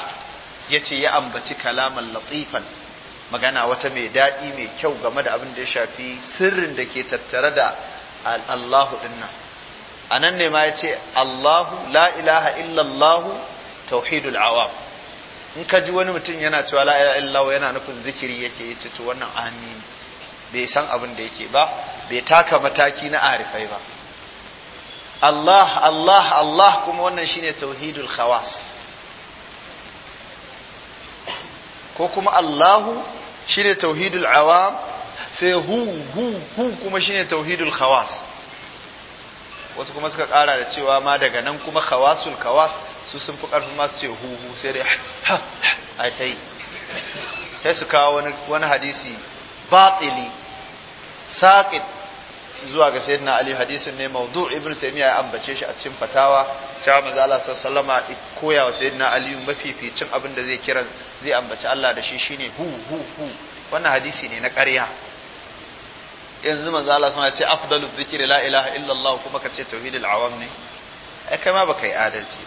ya ce ya ambaci kalaman latifan magana wata mai daɗi mai kyau game da abin da ya shafi sirrin da ke tattare da allahu dinnan a nan ne ma ya ce allahu la ilaha illallahu tauhidul awam in ka ji wani mutum yana cewa la ilaha illallahu yana nufin zikiri yake ya ce to wannan amin bai san abin da yake ba bai taka mataki na arifai ba Allah Allah Allah kuma wannan shine tauhidul khawas ko kuma Allahu shine tauhidul awam sai hu hu hu kuma shine tauhidul khawas wasu kuma suka kara da cewa ma daga nan kuma khawasul khawas su sun fi karfin masu ce hu hu sai dai ha ha yi sai su kawo wani hadisi batili saƙit zuwa ga sayyidina ali hadisin ne mawdu ibnu taymiya ya ambace shi a cikin fatawa cewa manzo Allah sallallahu alaihi koya wa sayyidina ali mafificin abin da zai kira zai ambaci Allah da shi shine hu hu hu wannan hadisi ne na ƙarya yanzu manzo Allah sallallahu alaihi ya ce afdalu dhikri la ilaha illa Allah kuma ka ce tauhidul awam ne ai kai ma baka yi adalci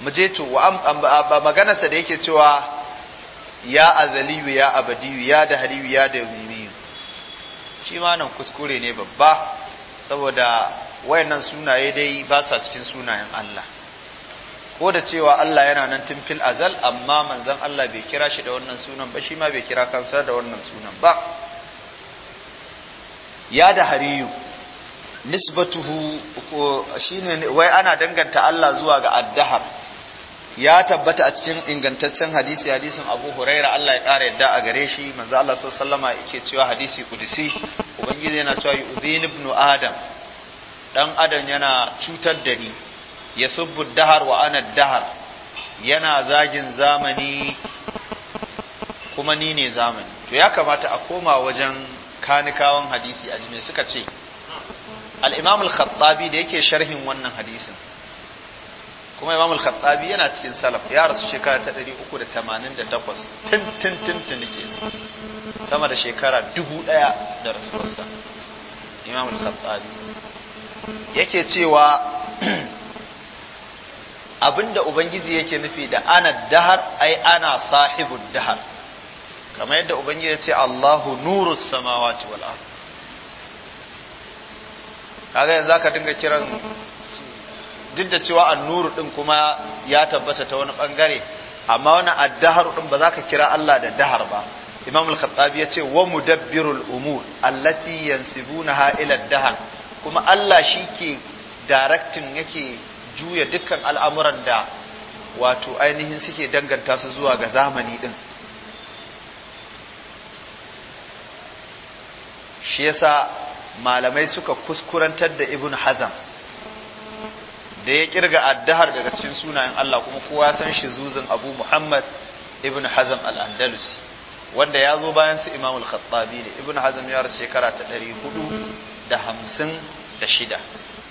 mu je to maganarsa da yake cewa ya azaliyu ya abadiyu ya da haliyu ya da shi ma nan kuskure ne babba saboda wayannan sunaye dai ba sa cikin sunayen Allah ko da cewa Allah yana nan tun fil azal amma manzon Allah bai kira shi da wannan sunan ba shi ma bai kira kansa da wannan sunan ba ya da hariyu nisbatuhu shine wai ana danganta Allah zuwa ga addahar ya tabbata a cikin ingantaccen hadisi hadisin Abu Huraira Allah ya kara yadda a gare shi manzo Allah sallallahu alaihi yake cewa hadisi kudisi ubangiji yana cewa yu'dhin ibn adam ɗan adam yana cutar da ni yasubbu dahar wa ana dahar yana zagin zamani kuma ni ne zamani to ya kamata a koma wajen kanikawan hadisi a suka ce al-Imam al-Khattabi da yake sharhin wannan hadisin kuma imam al-khattabi yana cikin salaf ya rasu shekara ta 388 tun tun tun tun ke sama da shekara dubu da rasuwarsa imam al-khattabi yake cewa abinda ubangiji yake nufi da ana dahar ai ana sahibud dahar kamar yadda ubangiji ya ce Allahu nuru samawati wal ard kaga yanzu ka dinga kiran duk da cewa annuru din kuma ya tabbata ta wani bangare amma wani addahar din ba za ka kira Allah da dahar ba imam al-khattabi ya ce wa mudabbirul umur allati yansibunaha ila dahar kuma Allah shi ke directing yake juya dukkan al'amuran da wato ainihin suke danganta su zuwa ga zamani din shi yasa malamai suka kuskurantar da ibn hazam da ya kirga addahar daga cikin sunayen Allah kuma kowa san shi zuzun Abu Muhammad ibn Hazm al-Andalusi wanda ya zo bayan su Imam al-Khattabi ne ibn Hazm ya rasu shekara ta 456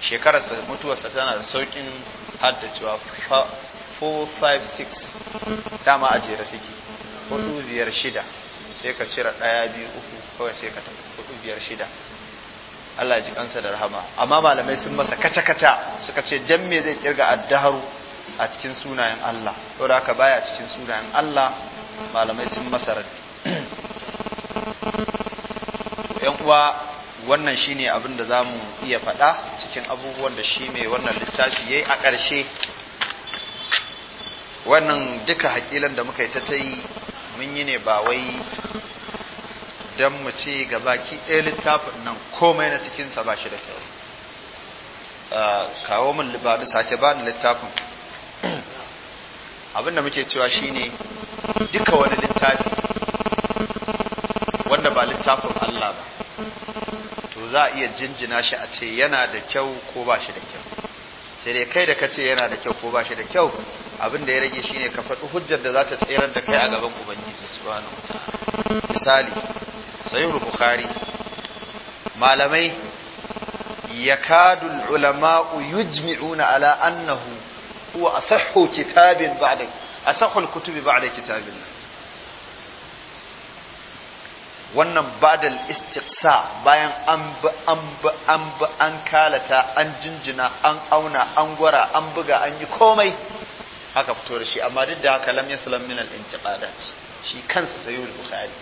shekarar sa sa tana da saukin haddacewa 456 dama a jere suke 456 sai ka cira 1 2 3 kawai sai ka tafi 456 Allah ji kansa da rahama amma malamai sun masa kaca-kaca suka ce dan me zai kirga addaharu a cikin sunayen Allah da haka baya cikin sunayen Allah malamai sun masa raddi yan uwa wannan shine abin da zamu iya faɗa cikin abubuwan da shi mai wannan littafi yayi a ƙarshe wannan duka hakilan da muka yi ta ta yi mun yi ne ba wai don mu ce ga baki ɗaya littafin nan komai na cikinsa ba shi da kyau ah, kawo min libadu sake ba ni littafin abinda muke cewa shi ne duka wani littafi wanda ba littafin Allah ba to za a iya jinjina shi a ce yana da kyau ko ba shi da kyau sai dai kai da ka ce yana da kyau ko ba shi da kyau abin da ya rage shine ka faɗi hujjar da za ta tserar da kai a gaban ubangiji subhanahu misali sayul bukhari malamai yakadul ulama'u yujmi'una ala annahu huwa asahhu kitabin ba'da asahhu kutubi ba'da kitabin wannan badal istiqsa bayan an an an an kalata an jinjina an auna an gwara an buga an yi komai haka fito da shi amma duk da haka lam yaslam min al-intiqadat shi kansa sayyid bukhari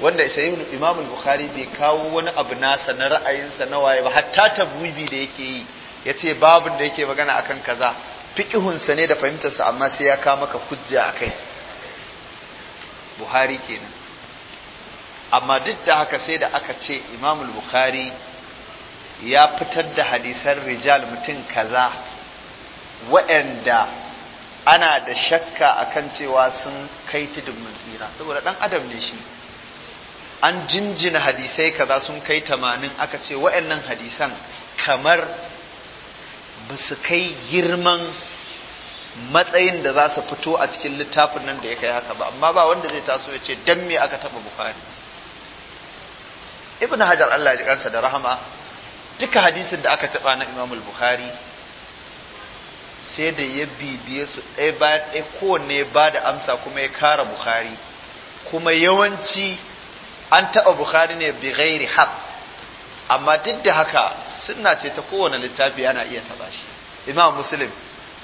wanda sayyid imam al-bukhari bai kawo wani abu nasa na ra'ayinsa na waye ba hatta tabwibi da yake yi yace babin da yake magana akan kaza fiqhun ne da fahimtarsa amma sai ya ka maka a kai. buhari kenan amma duk da haka sai da aka ce imam bukhari ya fitar da hadisan rijal mutum kaza wa'anda ana da shakka akan cewa sun kai tudun mutsira tsira saboda dan adam ne shi an jinjina hadisai kaza sun kai tamanin aka ce wa'annan hadisan kamar ba su kai girman matsayin da za su fito a cikin littafin nan da ya kai haka ba amma ba wanda zai taso ya ce dan me aka taba bukhari ibn hajar Allah ya ji kansa da rahama duka hadisin da aka taba na imamul bukhari sai da ya bibiye su ɗaya bayan ɗaya kowanne ba da amsa kuma ya kara bukhari kuma yawanci an taɓa bukhari ne bi gairi haq amma duk da haka suna ce ta kowane littafi ana iya taɓa shi imam muslim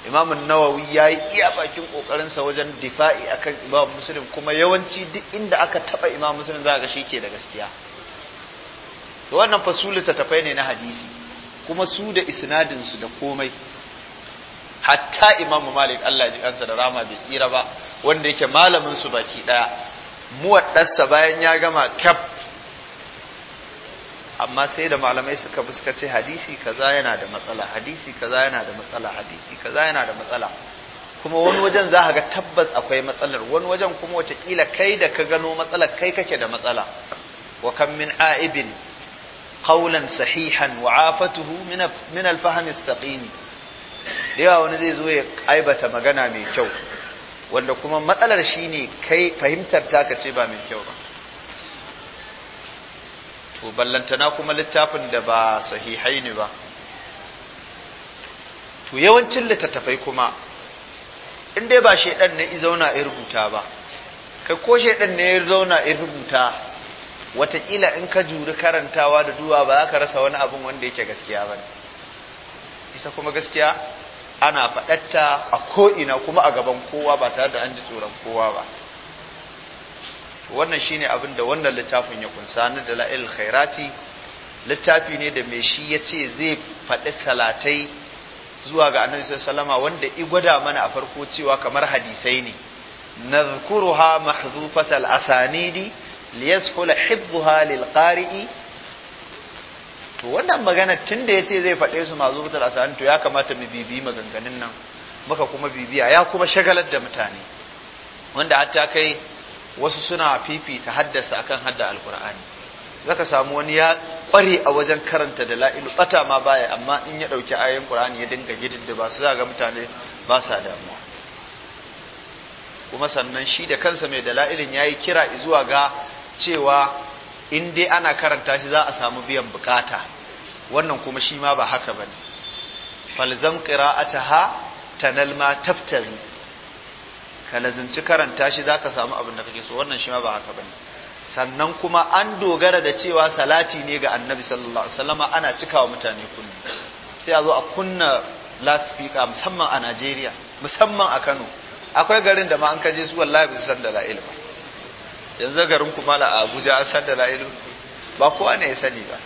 imam nawawi ya yi iya bakin kokarinsa wajen difa'i akan imam muslim kuma yawanci duk inda aka taɓa imam muslim za ga shi ke da gaskiya to wannan fasulita tafai ne na hadisi kuma su da isnadinsu da komai hatta imamu malik Allah ya ji kansa da rama bai tsira ba wanda yake malamin su baki ɗaya. muwaddarsa bayan ya gama kyaf amma sai da malamai suka fuska ce hadisi kaza yana da matsala hadisi kaza yana da matsala hadisi kaza yana da matsala kuma wani wajen za ga tabbas akwai matsalar wani wajen kuma wata kila kai da ka gano matsalar kai kake da matsala wa kan min a'ibin qawlan sahihan wa afatuhu min al-fahm as-saqim da yawa wani zai zo ya aibata magana mai kyau wanda kuma matsalar shi ne kai fahimtar ta kace ba mai kyau ba to ballantana kuma littafin da ba sahihai ne ba to yawancin littattafai kuma in dai ba shaidan ne zauna ya rubuta ba kai ko shaidan na ya zauna ya rubuta wataƙila in ka juri karantawa da duwa ba za ka rasa wani abin wanda yake gaskiya ba ita kuma gaskiya ana faɗatta a ko'ina kuma a gaban kowa ba tare da an ji tsoron kowa ba wannan shine abin da wannan littafin ya kunsa na da la'il khairati littafi ne da mai shi ya ce zai faɗi salatai zuwa ga annabi Salama, wanda i gwada mana a farko cewa kamar hadisai ne nadhkuruha mahzufatal asanidi liyashul hibbuha lil qari'i to wannan magana tun da ya ce zai faɗe su zuwa fitar sa'an to ya kamata mu bibi maganganun nan muka kuma bibiya ya kuma shagalar da mutane wanda hatta kai wasu suna fifita haddasa akan hadda alkur'ani zaka samu wani ya kware a wajen karanta da la'ilu bata ma baya amma in ya dauki ayoyin qur'ani ya dinga da ba su ga mutane ba sa damuwa kuma sannan shi da kansa mai dala'ilin yayi kira zuwa ga cewa in dai ana karanta shi za a samu biyan bukata wannan kuma shi ma ba haka bane falzam qira'ataha ta nalma taftari ka lazimci karanta shi za ka samu abin da kake so wannan shi ma ba haka bane sannan kuma an dogara da cewa salati ne ga annabi sallallahu alaihi wasallama ana cikawa mutane kunne. sai a zo a kunna lasfika musamman a Najeriya musamman a Kano akwai garin da ma an kaje su wallahi ba su san da yanzu garin kumala a abuja an san da la'ilu ba kowa ne ya sani ba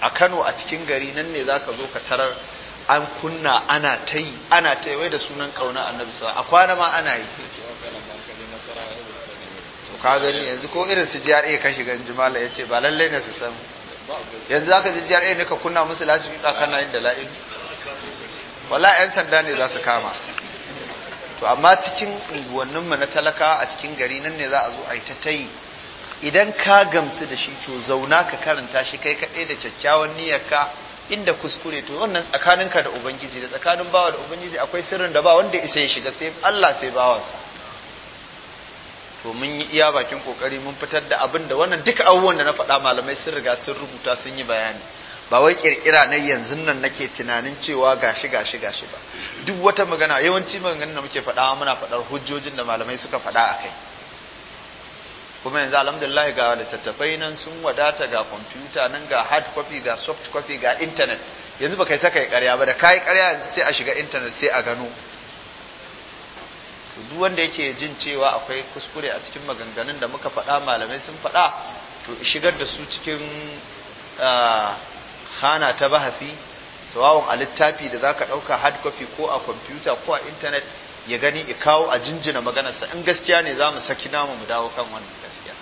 a kano a cikin gari nan ne za ka zo ka tarar an kunna ana ta yi ana ta yi wai da sunan kauna annabi sa a kwana ma ana yi to ka gani yanzu ko irin su JRA ka shiga jimala ya ce ba lallai na su san yanzu za ka ji JRA ne ka kunna musu lasifika kana yin da la'ilu wala 'yan sanda ne za su kama to amma cikin unguwanninmu na talaka a cikin gari nan ne za a zo a yi ta tayi idan ka gamsu da shi to zauna ka karanta shi kai kaɗai da kyakkyawan ka, inda kuskure to wannan tsakaninka da ubangiji da tsakanin bawa da ubangiji akwai sirrin da ba wanda isa ya shiga sai Allah sai bawansa to mun yi iya bakin kokari mun fitar da abin da wannan duka abubuwan da na faɗa malamai sun riga sun rubuta sun yi bayani ba wai kirkira na yanzu nan nake tunanin cewa gashi gashi gashi ba duk wata magana yawanci maganganun da muke faɗa muna faɗar hujjojin da malamai suka faɗa a kai kuma yanzu alhamdulillah ga littattafai nan sun wadata ga kwamfuta nan ga hard copy ga soft copy ga internet yanzu ba kai saka ya karya ba da kai karya yanzu sai a shiga internet sai a gano duk wanda yake jin cewa akwai kuskure a cikin maganganun da muka faɗa malamai sun faɗa to shigar da su cikin ah, hana ta bahafi sawawun a littafi da zaka ɗauka hard copy ko a kwamfuta ko a intanet ya gani ya kawo a jinjina maganarsa in gaskiya ne za mu saki namu mu dawo kan wannan gaskiya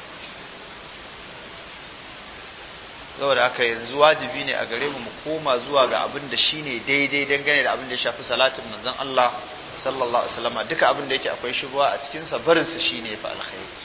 saboda haka yanzu wajibi ne a gare mu mu koma zuwa ga abin da shi ne daidai dangane da abin da ya shafi salatin manzon Allah sallallahu alaihi wasallam duka abin da yake akwai shubha a cikin sa barin sa shine fa alkhairi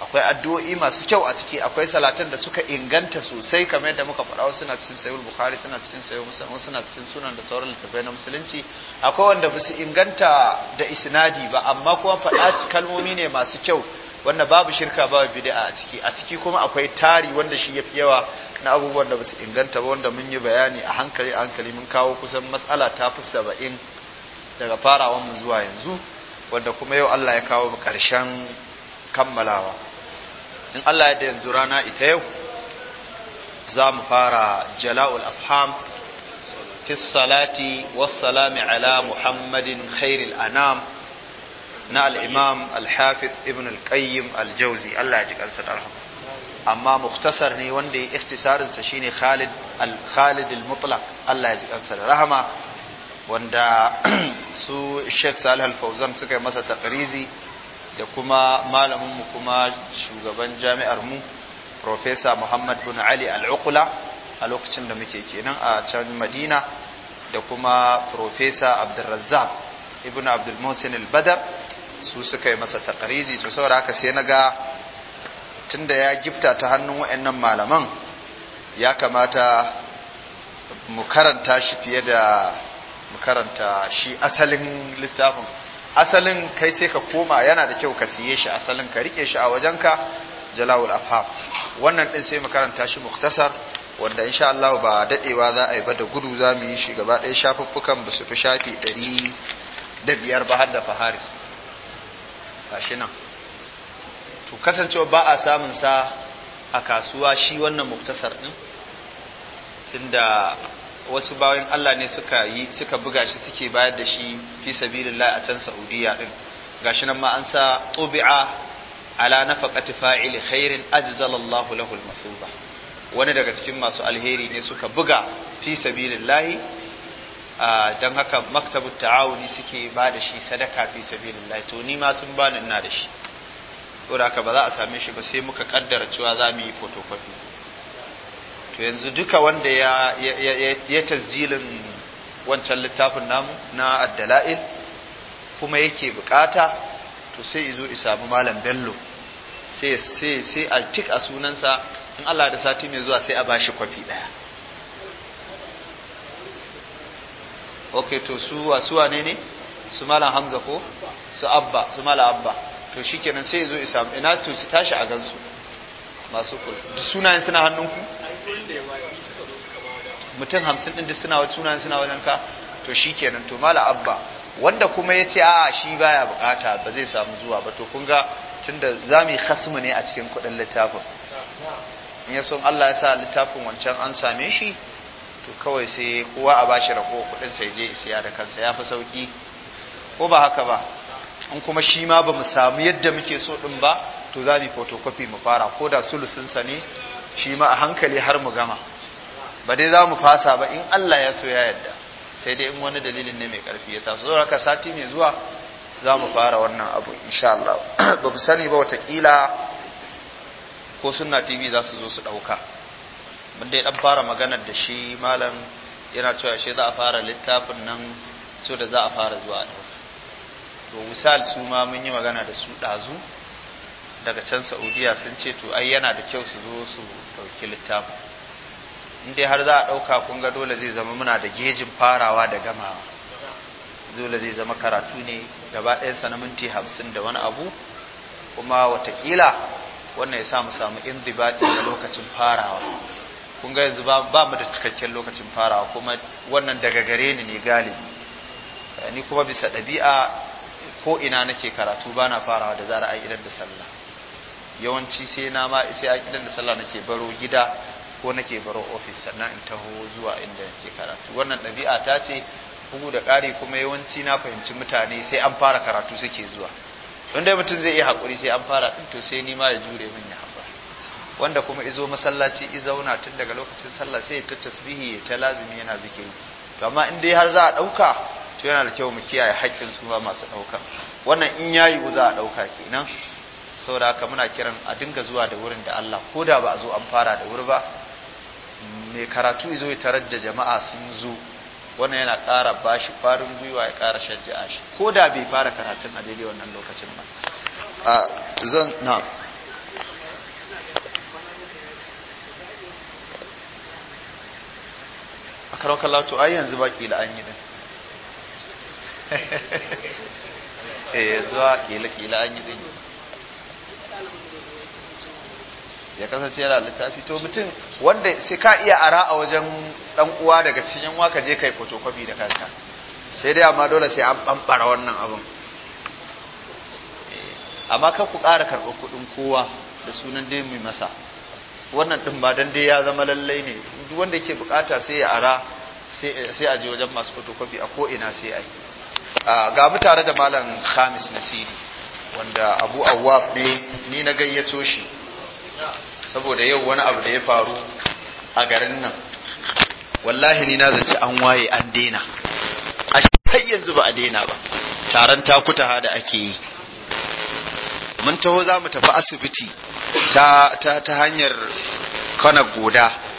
akwai addu'o'i masu kyau a ciki akwai salatan da suka inganta sosai kamar yadda muka faɗa suna cikin sayyid bukhari suna cikin sayyid muslim suna cikin sunan da sauran littafai na musulunci akwai wanda ba su inganta da isnadi ba amma kuma faɗa kalmomi ne masu kyau wanda babu shirka babu bid'a a ciki a ciki kuma akwai tari wanda shi yafi yawa na abubuwan da ba su inganta ba wanda mun yi bayani a hankali a hankali mun kawo kusan matsala ta fi saba'in daga farawan mu zuwa yanzu wanda kuma yau Allah ya kawo mu ƙarshen kammalawa in Allah ya da yanzu rana ita yau za mu fara jala'ul afham fi salati wassalami ala muhammadin khairil anam na al'imam al-hafiz ibn al-qayyim al-jauzi Allah ya ji kansa da amma muktasar ne wanda ya ikhtisarinsa shine Khalid al-Khalid al-Mutlaq Allah ya ji kansa da rahama wanda su Sheikh Salih al-Fauzan suka yi masa taqrizi da kuma malaminmu kuma shugaban jami'ar mu Profesa Muhammad bin Ali Al'ukula a lokacin da muke kenan a can Madina da kuma Profesa abdulrazzak Ibn Abdul al-Badar su suka yi masa takariji to saboda haka sai na ga tunda ya gifta ta hannun wayannan malaman ya kamata mu karanta shi fiye da mu karanta shi asalin littafin asalin kai sai ka koma yana da kyau ka siye shi asalin ka rike shi a wajenka jalawul afham wannan din sai mu karanta shi muktasar wanda insha Allah ba dadewa za a yi ba da gudu za mu yi shi gaba ɗaya shafuffukan ba su fi shafi ɗari da biyar ba har da faharis gashi nan to kasancewa ba a samun sa a kasuwa shi wannan muktasar din tunda wasu bayan Allah ne suka yi suka buga shi suke bayar da shi fi sabilillah a can Saudiya din gashi nan ma an sa tubi'a ala nafaqati fa'il khairin ajzalallahu lahu al-mafuba wani daga cikin masu alheri ne suka buga fi sabilillah Dan haka maktabut ta'awuni suke ba da shi sadaka fi sabilillah to ni ma sun bani ina da shi saboda haka ba za a same shi ba sai muka kaddara cewa za mu yi photocopy to yanzu duka wanda ya ya tasjilin wancan littafin namu na addala'il kuma yake bukata to sai izo isamu malam bello sai sai sai a tik a sunansa in Allah da sati mai zuwa sai a bashi kwafi daya ok to su suwa ne ne su malam hamza ko su abba su malam abba to shikenan sai zo isam ina to su tashi a gansu masu kul sunayen suna hannunku mutum hamsin ɗin suna wa suna suna wa nanka to shi kenan to mala abba wanda kuma ya ce a shi baya bukata ba zai samu zuwa ba to kunga ga tunda za mu yi hasmu ne a cikin kuɗin littafin in ya son Allah ya sa littafin wancan an same shi to kawai sai kowa a bashi rako kuɗin sai je siya da kansa ya fi sauki ko ba haka ba in kuma shi ma ba mu samu yadda muke so din ba to za mu photocopy mu fara ko da sa ne shi ma a hankali har mu gama ba dai za mu fasa ba in Allah ya so ya yadda sai dai in wani dalilin ne mai karfi ya taso ka sati mai zuwa za mu fara wannan abu insha Allah ba ku sani ba watakila ko sunna tv za su zo su ɗauka mun dai ɗan fara maganar da shi malam yana cewa shi za a fara littafin nan so da za a fara zuwa ɗauka to misal su ma mun yi magana da su ɗazu daga can saudiya sun ce to ai yana da kyau su zo su dauki littafin in dai har za a ɗauka kun ga dole zai zama muna da gejin farawa da gamawa dole zai zama karatu ne gaba ɗaya na minti hamsin da wani abu kuma watakila wannan ya sa mu samu indibaɗi a lokacin farawa kun ga yanzu ba mu da cikakken lokacin farawa kuma wannan daga gare ni ne galibi ni kuma bisa ɗabi'a ko ina nake karatu bana farawa da zara a idan da sallah yawanci sai na ma sai a kidan da sallah nake baro gida ko nake baro ofis sannan in taho zuwa inda nake karatu wannan ɗabi'a ta ce bugu da ƙari kuma yawanci na fahimci mutane sai an fara karatu suke zuwa don dai mutum zai iya haƙuri sai an fara ɗin to sai ni ma ya jure min ya haɓa wanda kuma izo masallaci i zauna tun daga lokacin sallah sai ya ta tasbihi ya ta lazimi yana zikiri to amma in dai har za a ɗauka to yana da kyau mu kiyaye haƙƙin su ma masu ɗauka wannan in yayi za a ɗauka kenan saboda haka muna kiran a dinga zuwa da wurin da Allah ko da ba a zo an fara da wuri ba mai karatu zo ya tarar da jama'a sun zo wannan yana ƙara bashi farin gwiwa ya ƙara shajja'a shi ko da bai fara karatun a daidai wannan lokacin ba a zan na a ai yanzu baki da an yi din eh zuwa kila kila an yi din ya kasance yana littafi to mutum wanda sai ka iya ara a wajen dan uwa daga cikin yan ka je kai photocopy da kanka sai dai amma dole sai an bambara wannan abin eh, amma kar ku ƙara karɓar kuɗin kowa da sunan dai mai masa wannan ɗin ba dan dai ya zama lallai ne duk wanda yake bukata sai ya ara sai a je wajen masu photocopy a ko ina sai ai ga mu tare da malam Khamis Nasiri wanda Abu Awwab ne ni na gayyato shi saboda yau wani abu da ya faru a garin nan wallahi ni na zaci an waye an daina a har yanzu ba a daina ba taron ha da ake yi mun taho za mu tafi asibiti ta, ta hanyar kana goda